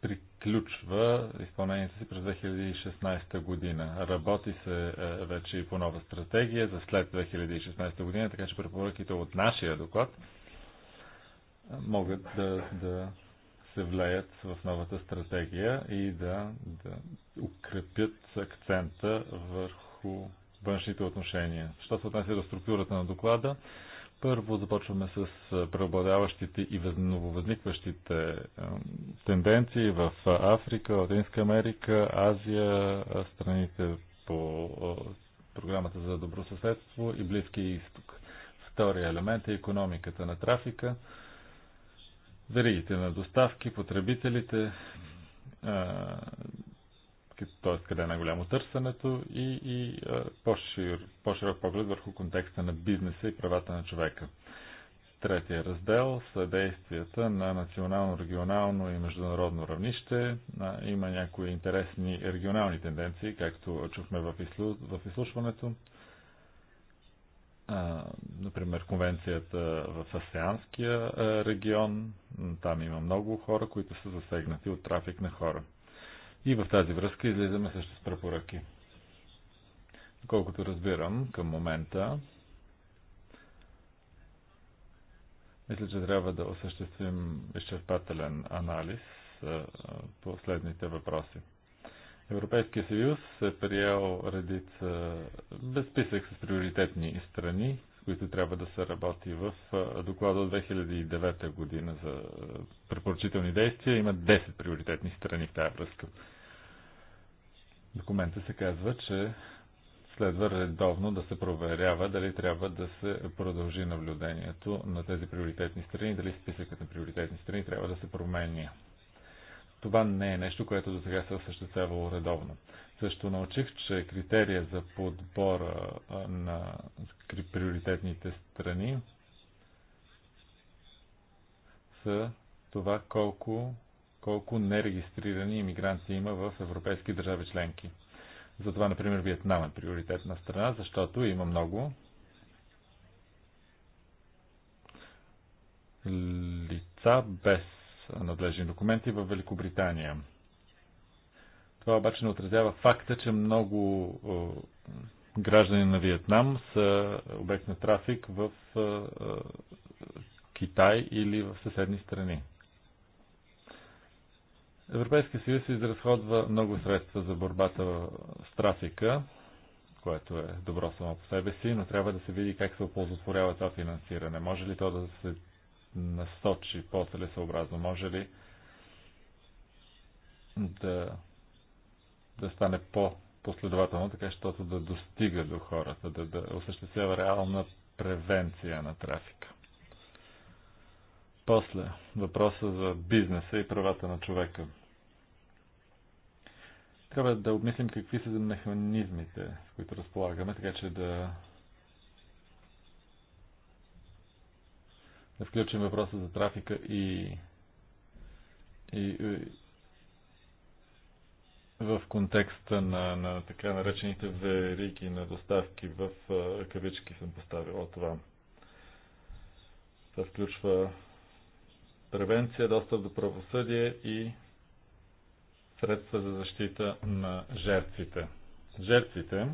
S4: приключва изпълнението си през 2016 година. Работи се е, вече и по нова стратегия за след 2016 година, така че препоръките от нашия доклад е, могат да, да се влеят в новата стратегия и да, да укрепят акцента върху външните отношения. Що се отнася до структурата на доклада, първо започваме с преобладаващите и нововъзникващите тенденции в Африка, Латинска Америка, Азия, страните по програмата за добросъседство и Близкия изток. Втория елемент е економиката на трафика веригите на доставки, потребителите, т.е. къде е най-голямо търсенето и, и по-шир, по-широк поглед върху контекста на бизнеса и правата на човека. Третия раздел са действията на национално, регионално и международно равнище. Има някои интересни регионални тенденции, както чухме в изслушването например, конвенцията в Асеанския регион. Там има много хора, които са засегнати от трафик на хора. И в тази връзка излизаме също с препоръки. Колкото разбирам към момента, мисля, че трябва да осъществим изчерпателен анализ по следните въпроси. Европейския съюз е приел редица безписък с приоритетни страни, с които трябва да се работи в доклада от 2009 година за препоръчителни действия. Има 10 приоритетни страни в тази връзка. Документа се казва, че следва редовно да се проверява дали трябва да се продължи наблюдението на тези приоритетни страни, дали списъкът на приоритетни страни трябва да се променя това не е нещо, което до сега се е осъществявало редовно. Също научих, че критерия за подбора на приоритетните страни са това колко, колко нерегистрирани иммигранти има в европейски държави членки. Затова, например, Виетнам е приоритетна страна, защото има много лица без надлежни документи в Великобритания. Това обаче не отразява факта, че много е, граждани на Виетнам са обект на трафик в е, е, Китай или в съседни страни. Европейския съюз изразходва много средства за борбата с трафика, което е добро само по себе си, но трябва да се види как се оползотворява това финансиране. Може ли то да се насочи по-целесообразно? Може ли да, да стане по-последователно, така щото да достига до хората, да, да осъществява реална превенция на трафика? После въпроса за бизнеса и правата на човека. Трябва да обмислим какви са механизмите, с които разполагаме, така че да да включим въпроса за трафика и, и, и в контекста на, на така наречените вериги на доставки в кавички съм от това. Това включва превенция, достъп до правосъдие и средства за защита на жертвите. Жертвите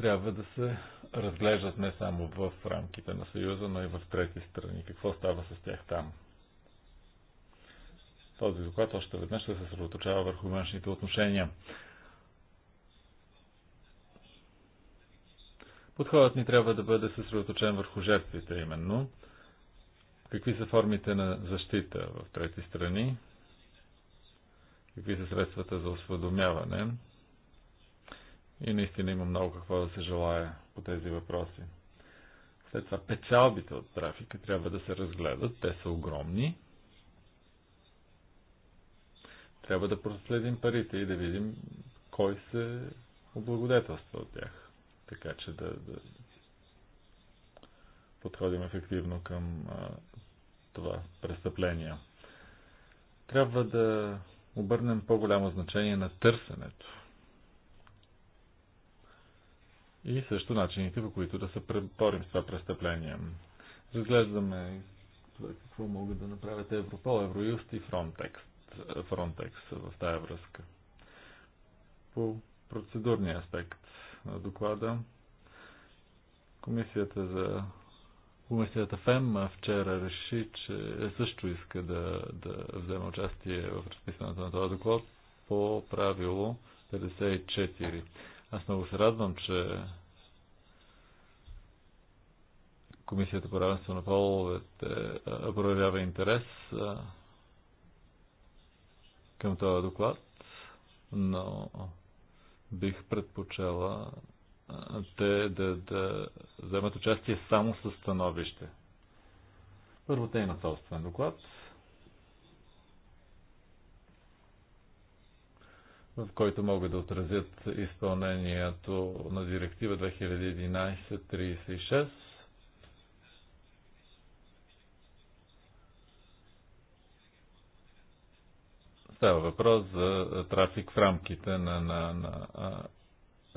S4: трябва да се разглеждат не само в рамките на Съюза, но и в трети страни. Какво става с тях там? Този доклад още веднъж ще се съсредоточава върху външните отношения. Подходът ни трябва да бъде съсредоточен върху жертвите именно. Какви са формите на защита в трети страни? Какви са средствата за осведомяване? И наистина има много какво да се желая по тези въпроси. След това печалбите от трафика трябва да се разгледат. Те са огромни. Трябва да проследим парите и да видим кой се облагодетелства от тях. Така че да, да подходим ефективно към а, това престъпление. Трябва да обърнем по-голямо значение на търсенето и също начините, по които да се преборим с това престъпление. Разглеждаме какво могат да направят Европол, Евроюст и Frontex, Frontex в тази връзка. По процедурния аспект на доклада, комисията за Комисията ФЕМ вчера реши, че също иска да, да вземе участие в разписването на този доклад по правило 54. Аз много се радвам, че Комисията по равенство на половете проявява интерес към този доклад, но бих предпочела те да, да вземат участие само с становище. Първо те имат собствен доклад, в който могат да отразят изпълнението на директива 2011-36 Става въпрос за трафик в рамките на, на, на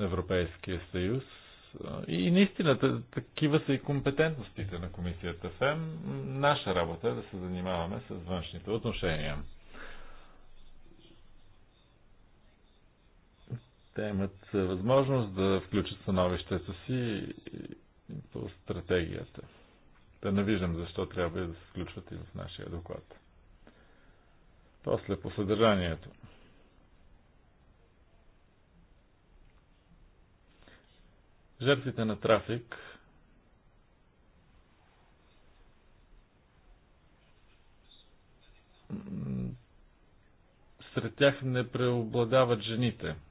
S4: Европейския съюз. И наистина, такива са и компетентностите на комисията ФЕМ. Наша работа е да се занимаваме с външните отношения. Те имат е, възможност да включат становището си по стратегията. Да не виждам защо трябва да се включват и в нашия доклад. После по съдържанието. Жертвите на трафик сред тях не преобладават жените –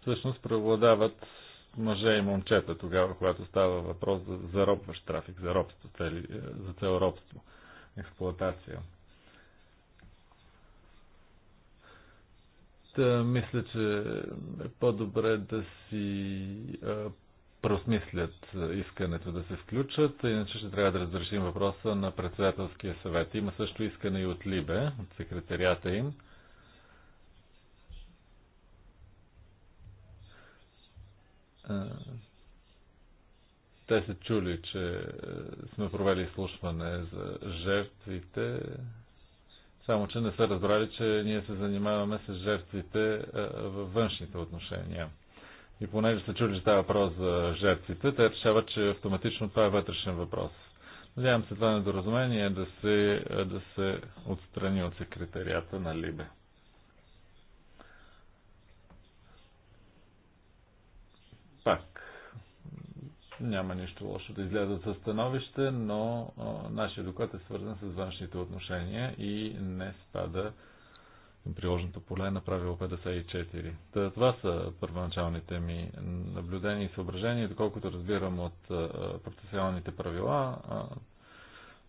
S4: всъщност преобладават мъже и момчета тогава, когато става въпрос за заробващ трафик, за робство, цели, е, за цел робство, експлоатация. Та, мисля, че е по-добре да си а, е, просмислят е, искането да се включат, иначе ще трябва да разрешим въпроса на председателския съвет. Има също искане и от Либе, от секретарията им те са чули, че е, сме провели изслушване за жертвите, само че не са разбрали, че ние се занимаваме с жертвите е, във външните отношения. И понеже са чули, че става въпрос за жертвите, те решават, че автоматично това е вътрешен въпрос. Надявам се това недоразумение да се, е, да се отстрани от секретарията на Либе. Няма нищо лошо да излязат със становище, но а, нашия доклад е свързан с външните отношения и не спада към приложното поле на правило 54. Та, това са първоначалните ми наблюдения и съображения, доколкото разбирам от процесуалните правила. А,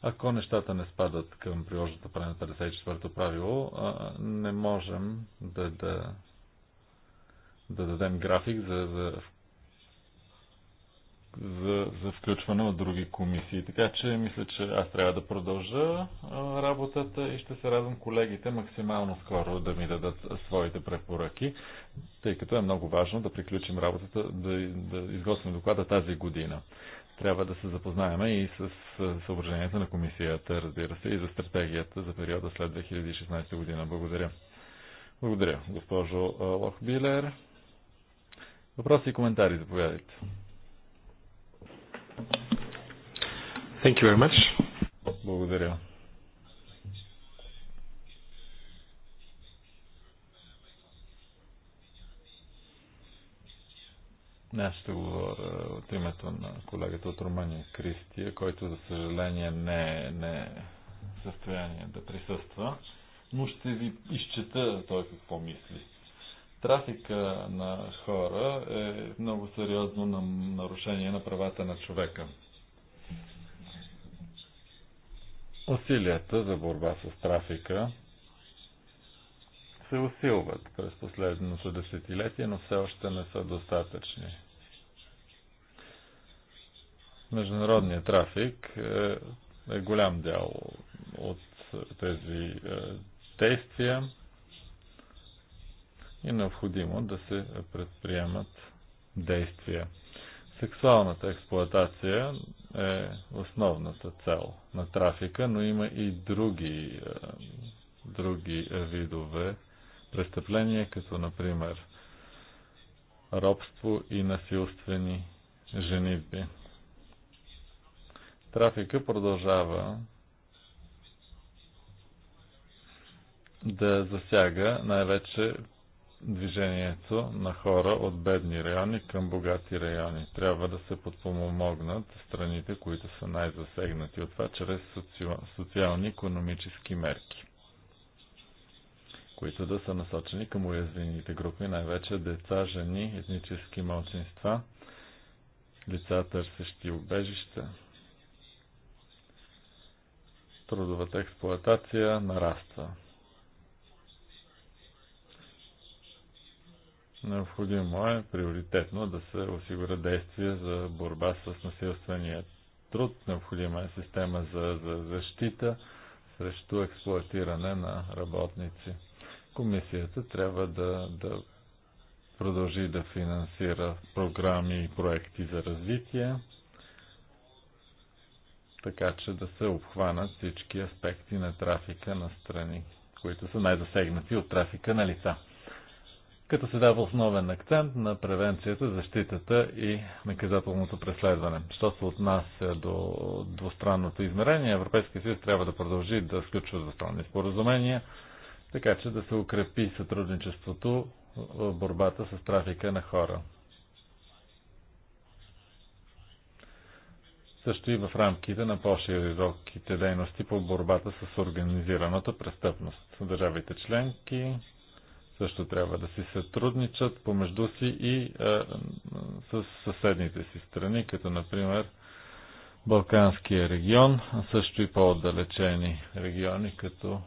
S4: ако нещата не спадат към приложното поле на 54-то правило, а, не можем да, да да дадем график за, за за, за включване от други комисии. Така че мисля, че аз трябва да продължа работата и ще се радвам колегите максимално скоро да ми дадат своите препоръки, тъй като е много важно да приключим работата, да, да изготвим доклада тази година. Трябва да се запознаем и с съображенията на комисията, разбира се, и за стратегията за периода след 2016 година. Благодаря. Благодаря, госпожо Лохбилер. Въпроси и коментари, заповядайте. Thank you very much. Благодаря. Аз ще говоря от името на колегата от Румъния, Кристия, който за съжаление не, не е в състояние да присъства, но ще ви изчета той какво мисли. Трафика на хора е много сериозно на нарушение на правата на човека. Усилията за борба с трафика се усилват през последното десетилетие, но все още не са достатъчни. Международният трафик е, е голям дял от тези е, действия. И необходимо да се предприемат действия. Сексуалната експлоатация е основната цел на трафика, но има и други, е, други видове престъпления, като например робство и насилствени женитби. Трафика продължава да засяга най-вече движението на хора от бедни райони към богати райони. Трябва да се подпомогнат страните, които са най-засегнати от това, чрез социални-економически мерки, които да са насочени към уязвените групи, най-вече деца, жени, етнически малцинства, лица, търсещи убежища. Трудовата експлоатация нараства. Необходимо е приоритетно да се осигуря действия за борба с насилствения труд. Необходима е система за, за защита срещу експлуатиране на работници. Комисията трябва да, да продължи да финансира програми и проекти за развитие, така че да се обхванат всички аспекти на трафика на страни, които са най-засегнати от трафика на лица като се дава основен акцент на превенцията, защитата и наказателното преследване. Що се отнася до двустранното измерение, Европейския съюз трябва да продължи да сключва двустранни споразумения, така че да се укрепи сътрудничеството в борбата с трафика на хора. Също и в рамките на по-широките дейности по борбата с организираната престъпност. Държавите членки също трябва да си сътрудничат помежду си и е, с съседните си страни, като например Балканския регион, а също и по-отдалечени региони, като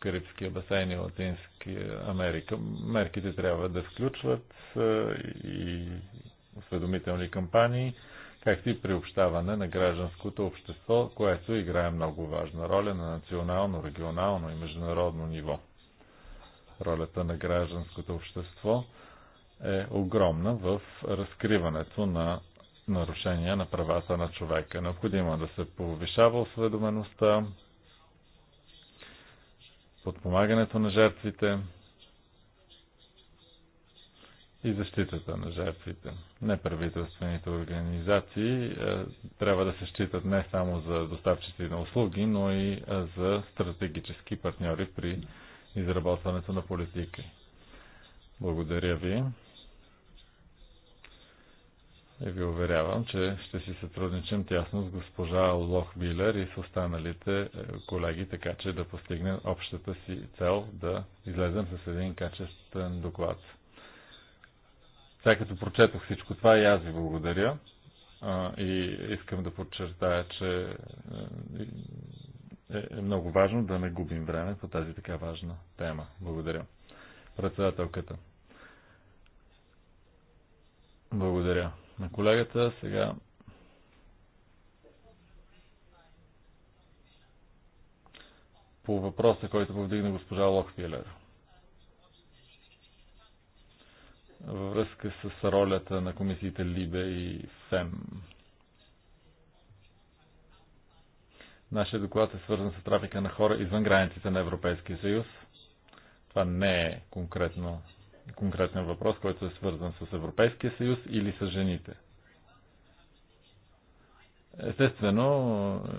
S4: Карибския басейн и Латински Америка. Мерките трябва да включват е, и осведомителни кампании, както и приобщаване на гражданското общество, което играе много важна роля на национално, регионално и международно ниво ролята на гражданското общество е огромна в разкриването на нарушения на правата на човека. Необходимо е да се повишава осведомеността, подпомагането на жертвите и защитата на жертвите. Неправителствените организации е, трябва да се считат не само за доставчици на услуги, но и е, за стратегически партньори при изработването на политики. Благодаря ви и ви уверявам, че ще си сътрудничим тясно с госпожа Лох Билер и с останалите е, колеги, така че да постигнем общата си цел да излезем с един качествен доклад. Сега като прочетох всичко това и аз ви благодаря и искам да подчертая, че е, е, е много важно да не губим време по тази така важна тема. Благодаря. Председателката. Благодаря. На колегата сега по въпроса, който повдигна госпожа Локфилер. Във връзка с ролята на комисиите Либе и ФЕМ Нашия доклад е свързан с трафика на хора извън границите на Европейския съюз. Това не е конкретно, конкретен въпрос, който е свързан с Европейския съюз или с жените. Естествено, е,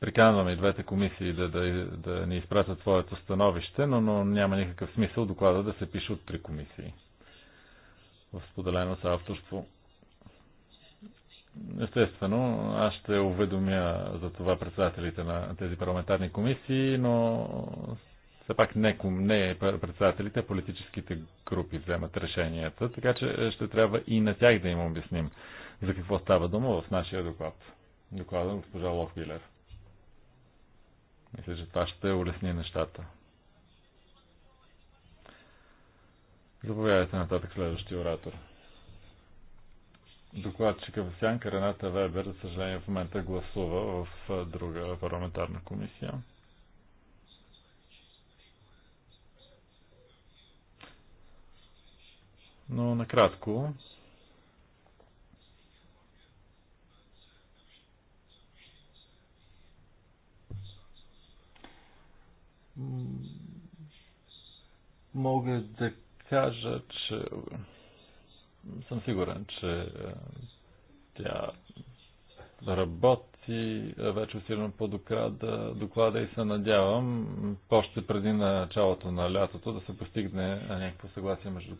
S4: приканваме и двете комисии да, да, да ни изпратят своето становище, но, но няма никакъв смисъл доклада да се пише от три комисии в споделено съавторство. Естествено, аз ще уведомя за това председателите на тези парламентарни комисии, но все пак не, не е председателите, а политическите групи вземат решенията, така че ще трябва и на тях да им обясним за какво става дума в нашия доклад. Доклада на госпожа Ловгилер. Мисля, че това ще улесни нещата. Заповядайте нататък следващия оратор докладчика в Сянка Рената Вебер, за съжаление, в момента гласува в друга парламентарна комисия. Но накратко, мога да кажа, че съм сигурен, че е, тя работи вече усилено по доклада, доклада и се надявам още преди началото на лятото да се постигне е, някакво съгласие между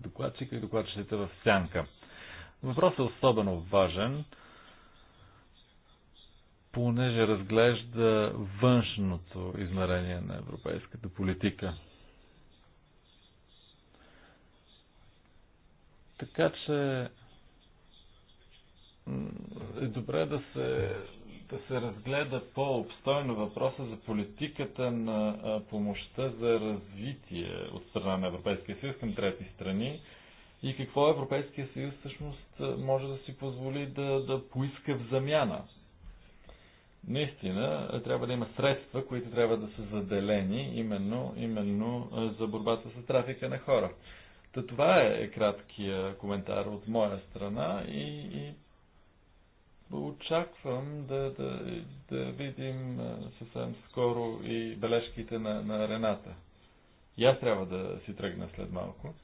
S4: докладчика и докладчиците в сянка. Въпросът е особено важен, понеже разглежда външното измерение на европейската политика – Така че е добре да се, да се разгледа по-обстойно въпроса за политиката на помощта за развитие от страна на Европейския съюз към трети страни и какво Европейския съюз всъщност може да си позволи да, да поиска в замяна. Наистина трябва да има средства, които трябва да са заделени именно, именно за борбата с трафика на хора. Та това е, е краткия коментар от моя страна и, и очаквам да, да, да видим съвсем скоро и бележките на, на Рената. И аз трябва да си тръгна след малко.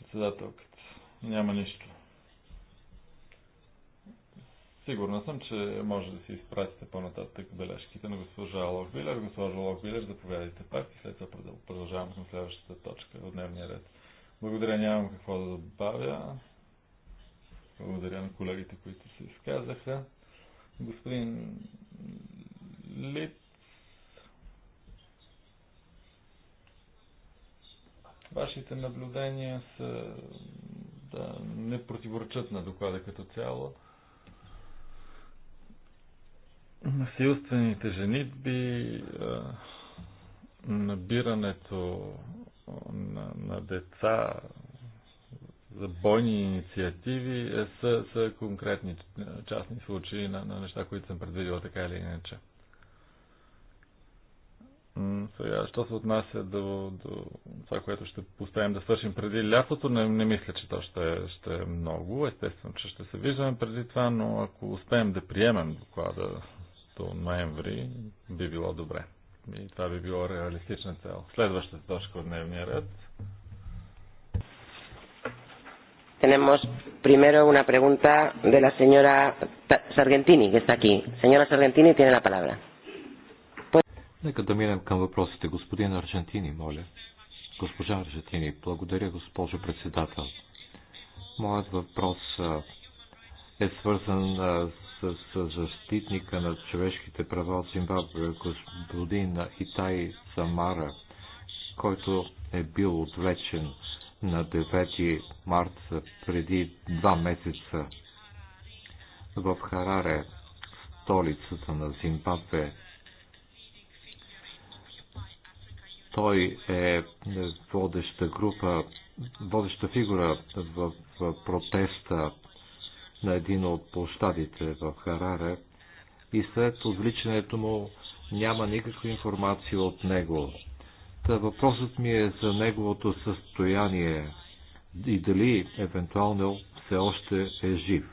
S4: Председателката. Няма нищо. Сигурна съм, че може да си изпратите по-нататък бележките на госпожа Локбилер. Госпожа Локбилер, заповядайте пак и след това продължаваме към следващата точка от дневния ред. Благодаря, нямам какво да добавя. Благодаря на колегите, които се изказаха. Господин Лит, вашите наблюдения са да не противоречат на доклада като цяло насилствените женитби, набирането на, на деца за бойни инициативи е, са, са конкретни частни случаи на, на неща, които съм предвидила така или иначе. Сега, що се отнася до, до това, което ще поставим да свършим преди лятото, не, не мисля, че то ще, ще е много. Естествено, че ще се виждаме преди това, но ако успеем да приемем доклада до ноември би било добре. И това би било реалистична цел. Следващата точка от дневния ред.
S1: Tenemos primero una pregunta de la señora Sargentini, que está aquí. Señora Sargentini, tiene la palabra.
S2: Нека да минем към въпросите. Господин Аржентини, моля. Госпожа Аржентини, благодаря, госпожо председател. Моят въпрос е свързан с защитника на човешките права от Зимбабве, господин Итай Самара, който е бил отвлечен на 9 март преди два месеца в Хараре, столицата на Зимбабве. Той е водеща група, водеща фигура в протеста на един от площадите в Хараре и след отвличането му няма никаква информация от него. Та въпросът ми е за неговото състояние и дали евентуално все още е жив.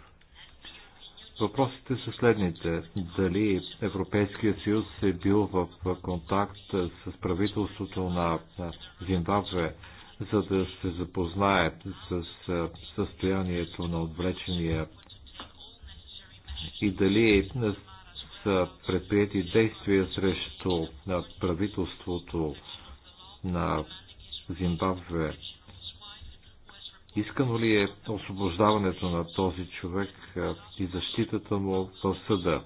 S2: Въпросите са следните. Дали Европейския съюз е бил в контакт с правителството на Зимбабве за да се запознаят с състоянието на отвлечения и дали са предприяти действия срещу правителството на Зимбабве. Искано ли е освобождаването на този човек и защитата му в съда?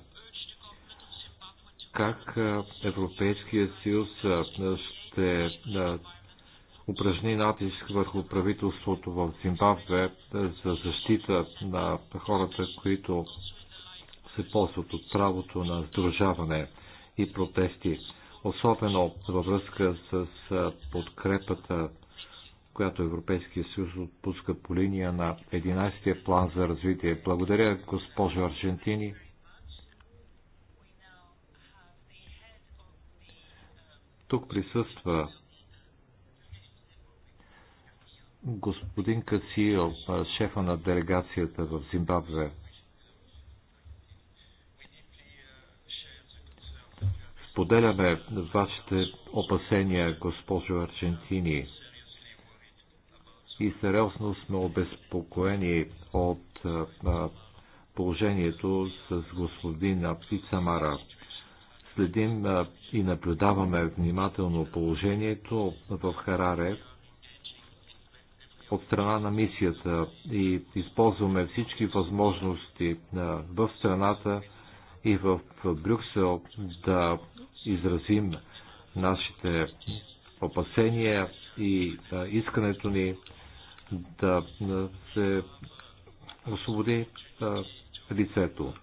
S2: Как Европейския съюз ще упражни натиск върху правителството в Зимбабве за защита на хората, които се ползват от правото на сдружаване и протести, особено във връзка с подкрепата, която Европейския съюз отпуска по линия на 11-я план за развитие. Благодаря, госпожо Аржентини. Тук присъства господин Касио, шефа на делегацията в Зимбабве. Споделяме вашите опасения, госпожо Аржентини. И сериозно сме обезпокоени от положението с господин Апти Следим и наблюдаваме внимателно положението в Хараре от страна на мисията и използваме всички възможности в страната и в Брюксел да изразим нашите опасения и искането ни да се освободи лицето.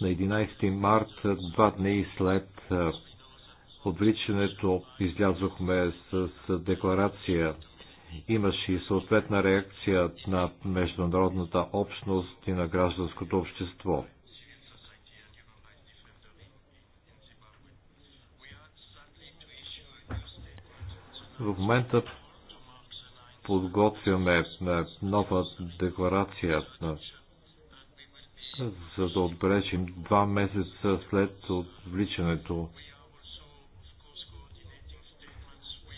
S2: На 11 март, два дни след отвличането излязохме с декларация. Имаше и съответна реакция на международната общност и на гражданското общество. В момента подготвяме е, нова декларация, е, за да отбележим два месеца след отвличането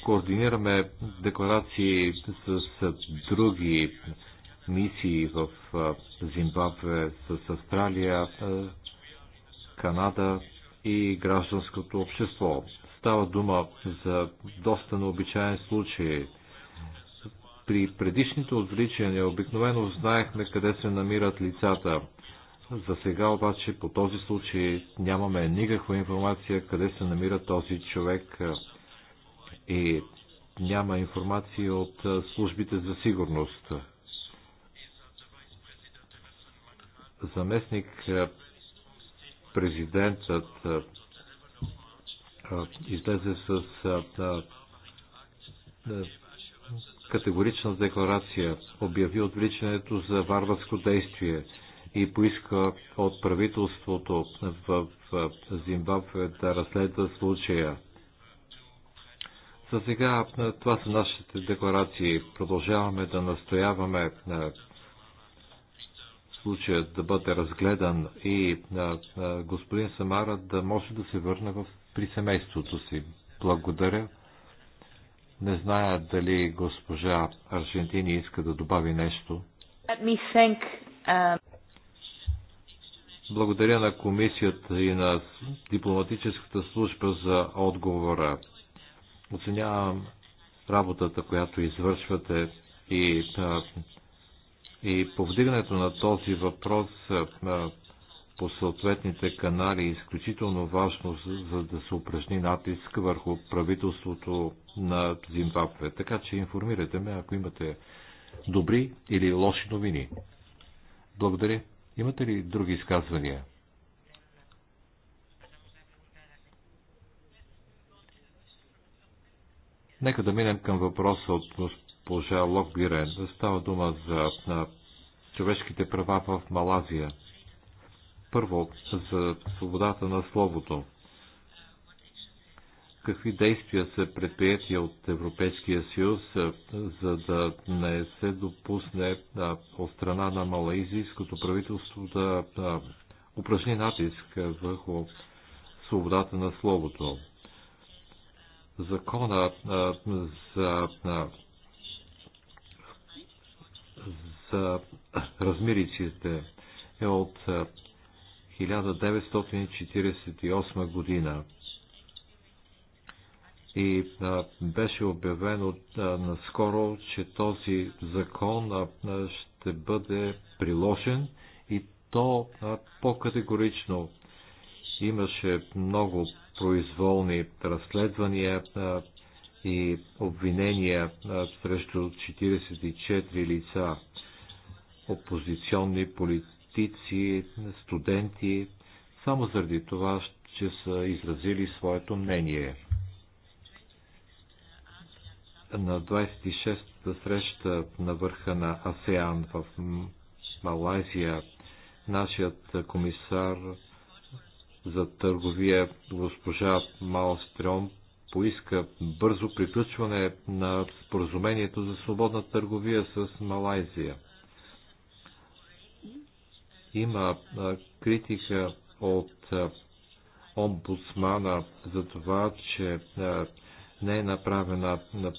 S2: координираме декларации с, с други мисии в Зимбабве, с Австралия, Канада и гражданското общество. Става дума за доста необичайен случай. При предишните отвличания обикновено знаехме къде се намират лицата. За сега обаче по този случай нямаме никаква информация къде се намира този човек и няма информация от службите за сигурност. Заместник президентът излезе с категорична декларация, обяви отвличането за варварско действие и поиска от правителството в Зимбабве да разследва случая. За сега е, това са нашите декларации. Продължаваме да настояваме на е, случая да бъде разгледан и на, е, господин Самара да може да се върне в, при семейството си. Благодаря. Не зная дали госпожа Аржентини иска да добави нещо. Think, Благодаря на комисията и на дипломатическата служба за отговора. Оценявам работата, която извършвате и, и повдигането на този въпрос по съответните канали е изключително важно, за да се упражни натиск върху правителството на Зимбабве. Така че информирайте ме, ако имате добри или лоши новини. Благодаря. Имате ли други изказвания? Нека да минем към въпроса от госпожа Лок Бирен. Да става дума за на човешките права в Малазия. Първо, за свободата на словото. Какви действия са предприяти от Европейския съюз, за да не се допусне от страна на малайзийското правителство да упражни натиск върху свободата на словото? закона за, за размериците е от 1948 година и беше обявено наскоро, че този закон ще бъде приложен и то по-категорично. Имаше много произволни разследвания и обвинения срещу 44 лица, опозиционни политици, студенти, само заради това, че са изразили своето мнение. На 26-та среща на върха на АСЕАН в Малайзия, нашият комисар за търговия госпожа Малстрем поиска бързо приключване на споразумението за свободна търговия с Малайзия. Има критика от омбудсмана за това, че не е направена на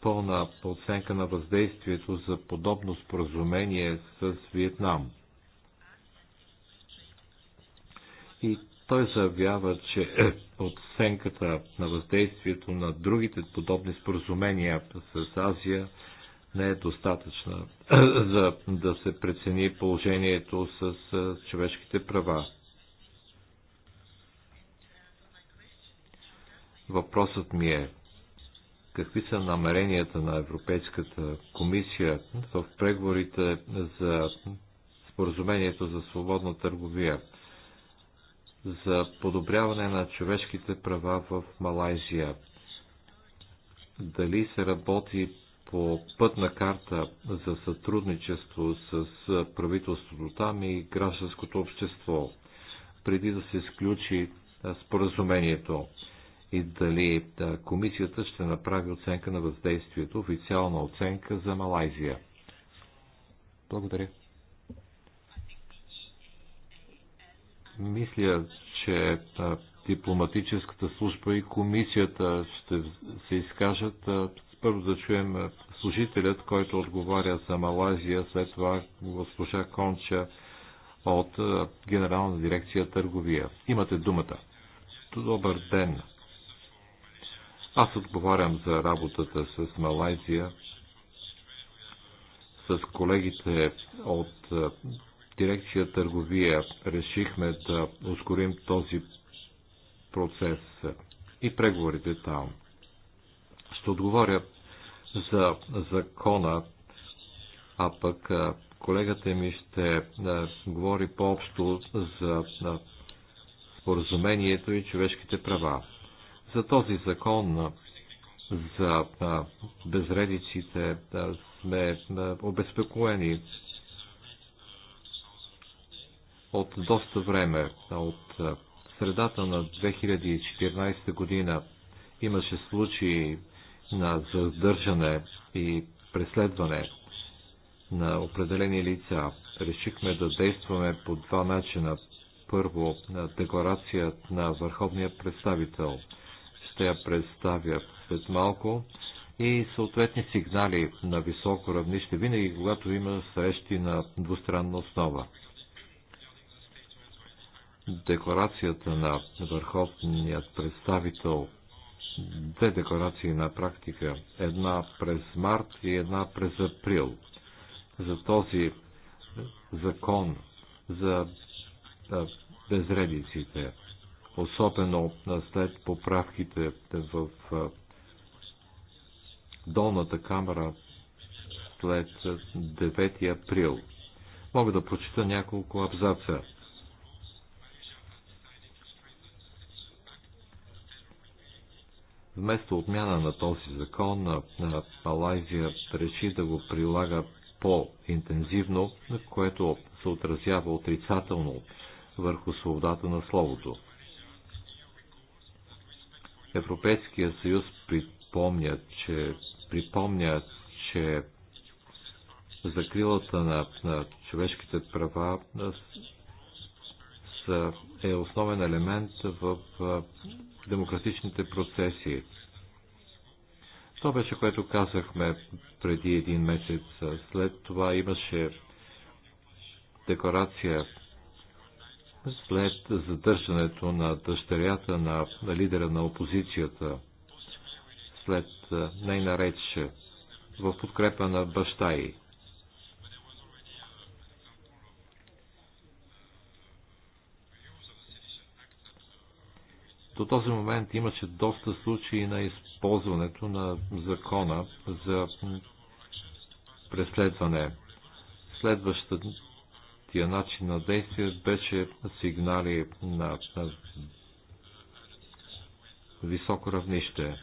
S2: пълна оценка на въздействието за подобно споразумение с Виетнам. и той заявява, че е, [CLEARS THROAT] оценката на въздействието на другите подобни споразумения с Азия не е достатъчна
S1: [CLEARS THROAT] за
S2: да се прецени положението с човешките права. Въпросът ми е, какви са намеренията на Европейската комисия в преговорите за споразумението за свободна търговия за подобряване на човешките права в Малайзия. Дали се работи по пътна карта за сътрудничество с правителството там и гражданското общество, преди да се изключи споразумението и дали комисията ще направи оценка на въздействието, официална оценка за Малайзия. Благодаря. Мисля, че дипломатическата служба и комисията ще се изкажат. Първо да чуем служителят, който отговаря за Малайзия, след това госпожа Конча от Генерална дирекция търговия. Имате думата. Добър ден. Аз отговарям за работата с Малайзия, с колегите от дирекция търговия решихме да ускорим този процес и преговорите там. Ще отговоря за закона, а пък колегата ми ще говори по-общо за споразумението и човешките права. За този закон за безредиците сме обезпекоени от доста време, от средата на 2014 година имаше случаи на задържане и преследване на определени лица. Решихме да действаме по два начина. Първо, на декларация на върховния представител. Ще я представя след малко и съответни сигнали на високо равнище, винаги когато има срещи на двустранна основа декларацията на върховният представител. Две декларации на практика. Една през март и една през април. За този закон за безредиците. Особено след поправките в долната камера след 9 април. Мога да прочита няколко абзаца Вместо отмяна на този закон, Малайзия реши да го прилага по-интензивно, което се отразява отрицателно върху свободата на словото. Европейския съюз припомня, че, припомня, че закрилата на, на човешките права е основен елемент в демократичните процеси. Това беше, което казахме преди един месец. След това имаше декларация след задържането на дъщерята на лидера на опозицията, след нейна реч в подкрепа на баща й. До този момент имаше доста случаи на използването на закона за преследване. Следващия начин на действие беше сигнали на, на високо равнище.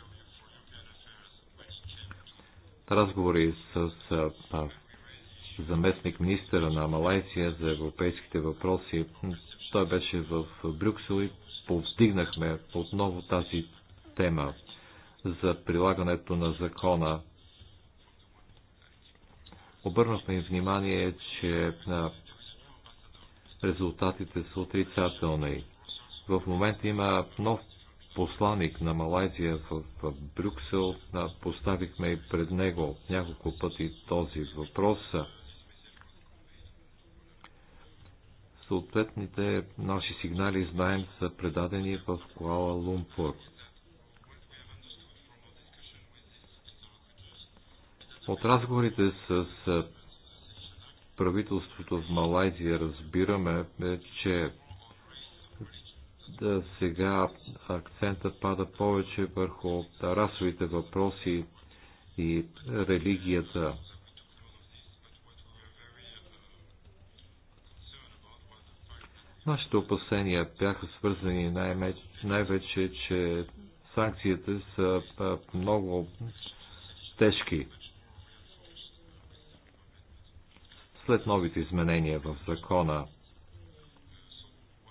S2: Разговори с заместник министъра на Малайсия за европейските въпроси. Той беше в Брюксел и повдигнахме отново тази тема за прилагането на закона. Обърнахме им внимание, че на резултатите са отрицателни. В момента има нов посланик на Малайзия в, в Брюксел. Поставихме и пред него няколко пъти този въпрос. съответните наши сигнали, знаем, са предадени в Куала Лумпур. От разговорите с правителството в Малайзия разбираме, е, че да сега акцента пада повече върху расовите въпроси и религията. Нашите опасения бяха свързани най-вече, че санкциите са много тежки. След новите изменения в закона.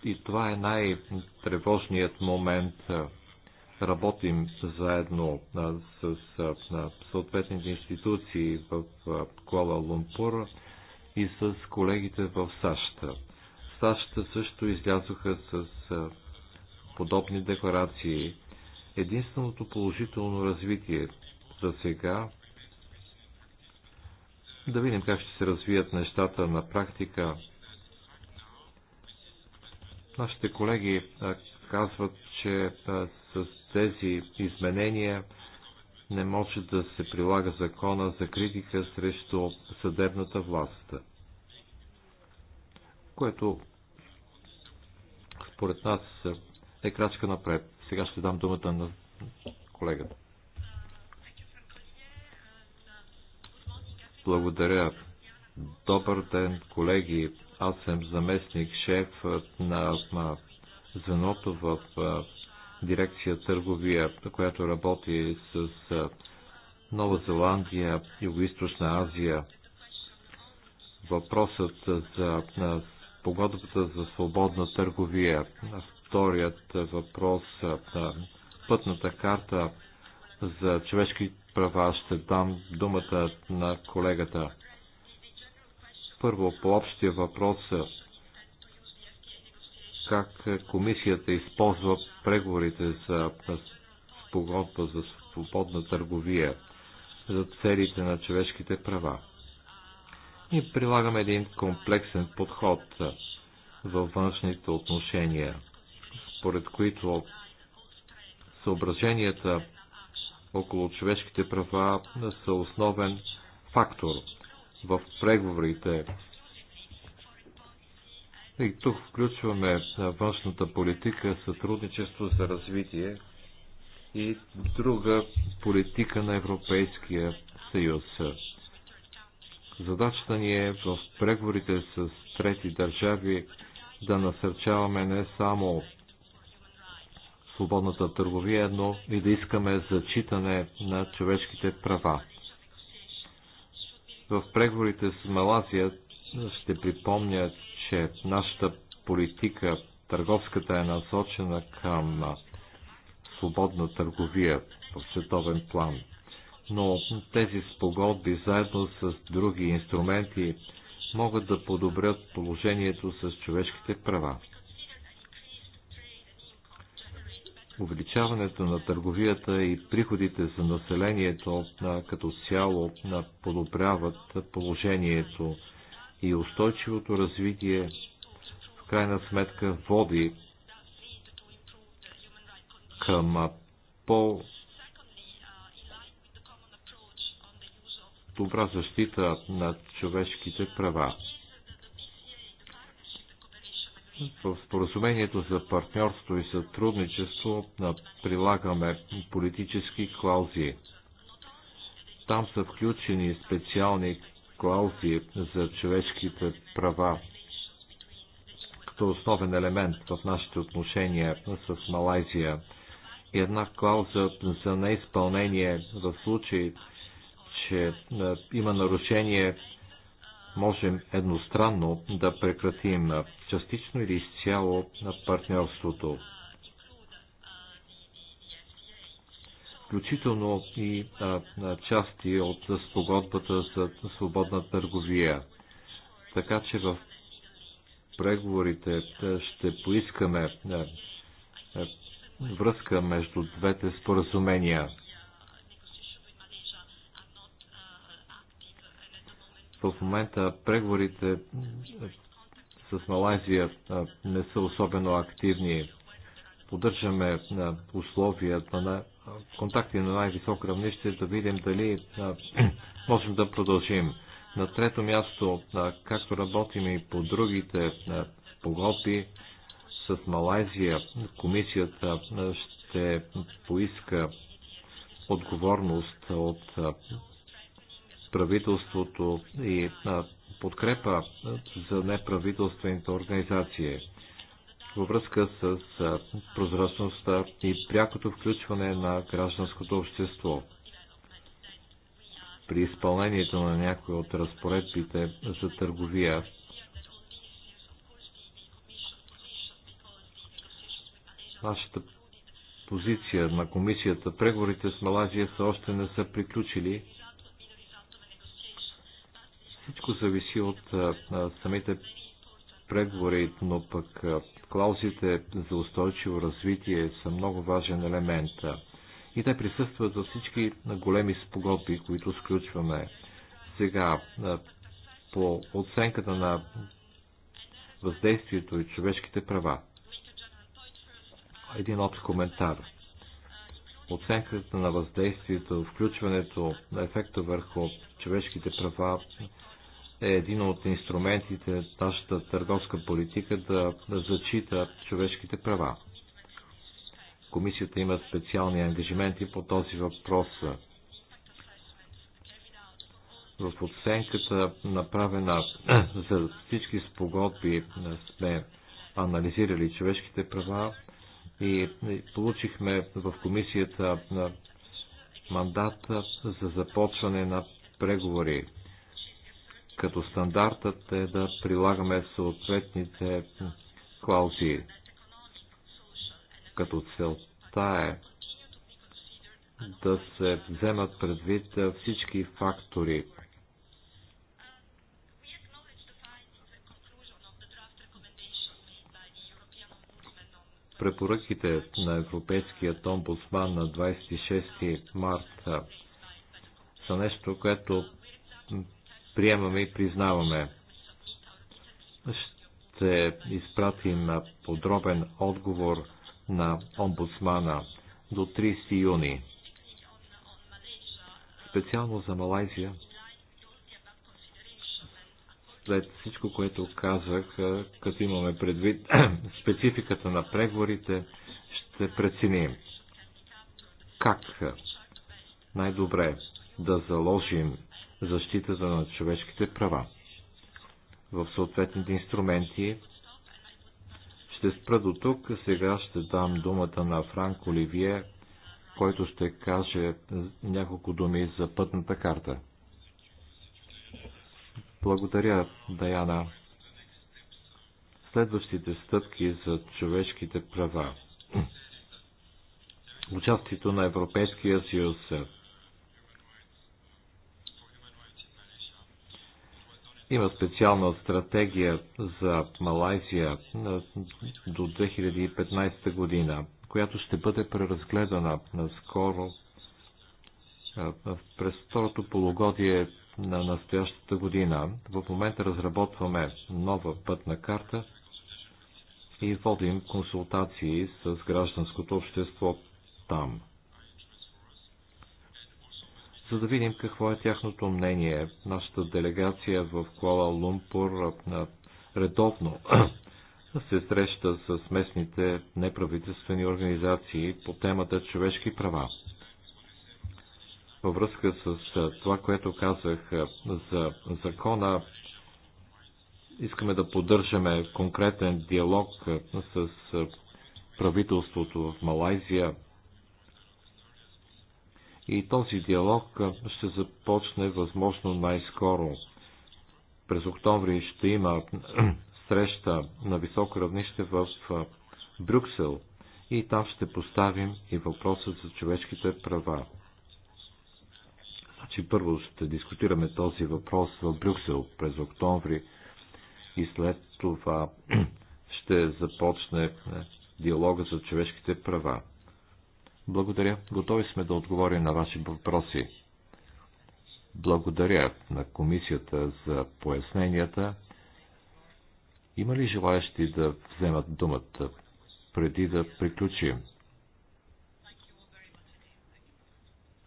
S2: И това е най-тревожният момент. Работим заедно с съответните институции в Куала Лумпур и с колегите в САЩ САЩ също излязоха с подобни декларации. Единственото положително развитие за сега да видим как ще се развият нещата на практика. Нашите колеги казват, че с тези изменения не може да се прилага закона за критика срещу съдебната власт, което според нас е крачка напред. Сега ще дам думата на колегата. Благодаря. Добър ден, колеги. Аз съм заместник шеф на звеното в дирекция търговия, която работи с Нова Зеландия, юго Азия. Въпросът за погодбата за свободна търговия. Вторият въпрос на пътната карта за човешки права ще дам думата на колегата. Първо, по общия въпрос как комисията използва преговорите за спогодба за свободна търговия за целите на човешките права. Ние прилагаме един комплексен подход във външните отношения, според които съображенията около човешките права са основен фактор в преговорите. И тук включваме външната политика, сътрудничество за развитие и друга политика на Европейския съюз. Задачата ни е в преговорите с трети държави да насърчаваме не само свободната търговия, но и да искаме зачитане на човешките права. В преговорите с Малазия ще припомня, че нашата политика, търговската е насочена към свободна търговия в световен план но тези спогодби заедно с други инструменти могат да подобрят положението с човешките права. Увеличаването на търговията и приходите за населението като цяло подобряват положението и устойчивото развитие в крайна сметка води към по добра защита на човешките права. В споразумението за партньорство и сътрудничество прилагаме политически клаузи. Там са включени специални клаузи за човешките права като основен елемент в нашите отношения с Малайзия и една клауза за неизпълнение в случай, че има нарушение, можем едностранно да прекратим частично или изцяло на партньорството. Включително и а, части от спогодбата за свободна търговия. Така че в преговорите ще поискаме връзка между двете споразумения. В момента преговорите с Малайзия не са особено активни. Поддържаме условията на контакти на най-високо равнище, да видим дали [CLEARS THROAT] можем да продължим. На трето място, както работим и по другите погоби с Малайзия, комисията ще поиска отговорност от правителството и подкрепа за неправителствените организации във връзка с прозрачността и прякото включване на гражданското общество. При изпълнението на някои от разпоредбите за търговия нашата позиция на комисията, преговорите с Малазия са още не са приключили всичко зависи от самите преговори, но пък клаузите за устойчиво развитие са много важен елемент. И те присъстват за всички големи спогоби, които сключваме. Сега, по оценката на въздействието и човешките права. Един общ коментар. Оценката на въздействието, включването на ефекта върху човешките права е един от инструментите на нашата търговска политика да зачита човешките права. Комисията има специални ангажименти по този въпрос. В оценката, направена [CLEARS THROAT] за всички спогодби, сме анализирали човешките права и получихме в комисията мандата за започване на преговори като стандартът е да прилагаме съответните клаузи, като целта е да се вземат предвид всички фактори. Препоръките на Европейският омбудсман на 26 марта са нещо, което приемаме и признаваме. Ще изпратим подробен отговор на омбудсмана до 30 юни. Специално за Малайзия, след всичко, което казах, като имаме предвид [CLEARS THROAT] спецификата на преговорите, ще преценим как най-добре да заложим защитата на човешките права. В съответните инструменти ще спра до тук. Сега ще дам думата на Франк Оливие, който ще каже няколко думи за пътната карта. Благодаря, Даяна. Следващите стъпки за човешките права. Участието на Европейския съюз Има специална стратегия за Малайзия до 2015 година, която ще бъде преразгледана наскоро през второто полугодие на настоящата година. В момента разработваме нова пътна карта и водим консултации с гражданското общество там за да видим какво е тяхното мнение. Нашата делегация в Куала Лумпур редовно [CLEARS THROAT] се среща с местните неправителствени организации по темата човешки права. Във връзка с това, което казах за закона, искаме да поддържаме конкретен диалог с правителството в Малайзия, и този диалог ще започне възможно най-скоро. През октомври ще има [CLEARS THROAT] среща на високо равнище в Брюксел и там ще поставим и въпроса за човешките права. Значи първо ще дискутираме този въпрос в Брюксел през октомври и след това [CLEARS THROAT] ще започне диалога за човешките права. Благодаря. Готови сме да отговорим на ваши въпроси. Благодаря на комисията за поясненията. Има ли желаящи да вземат думата преди да приключим?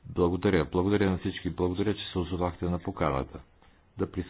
S2: Благодаря. Благодаря на всички. Благодаря, че се озовахте на поканата. Да присъ...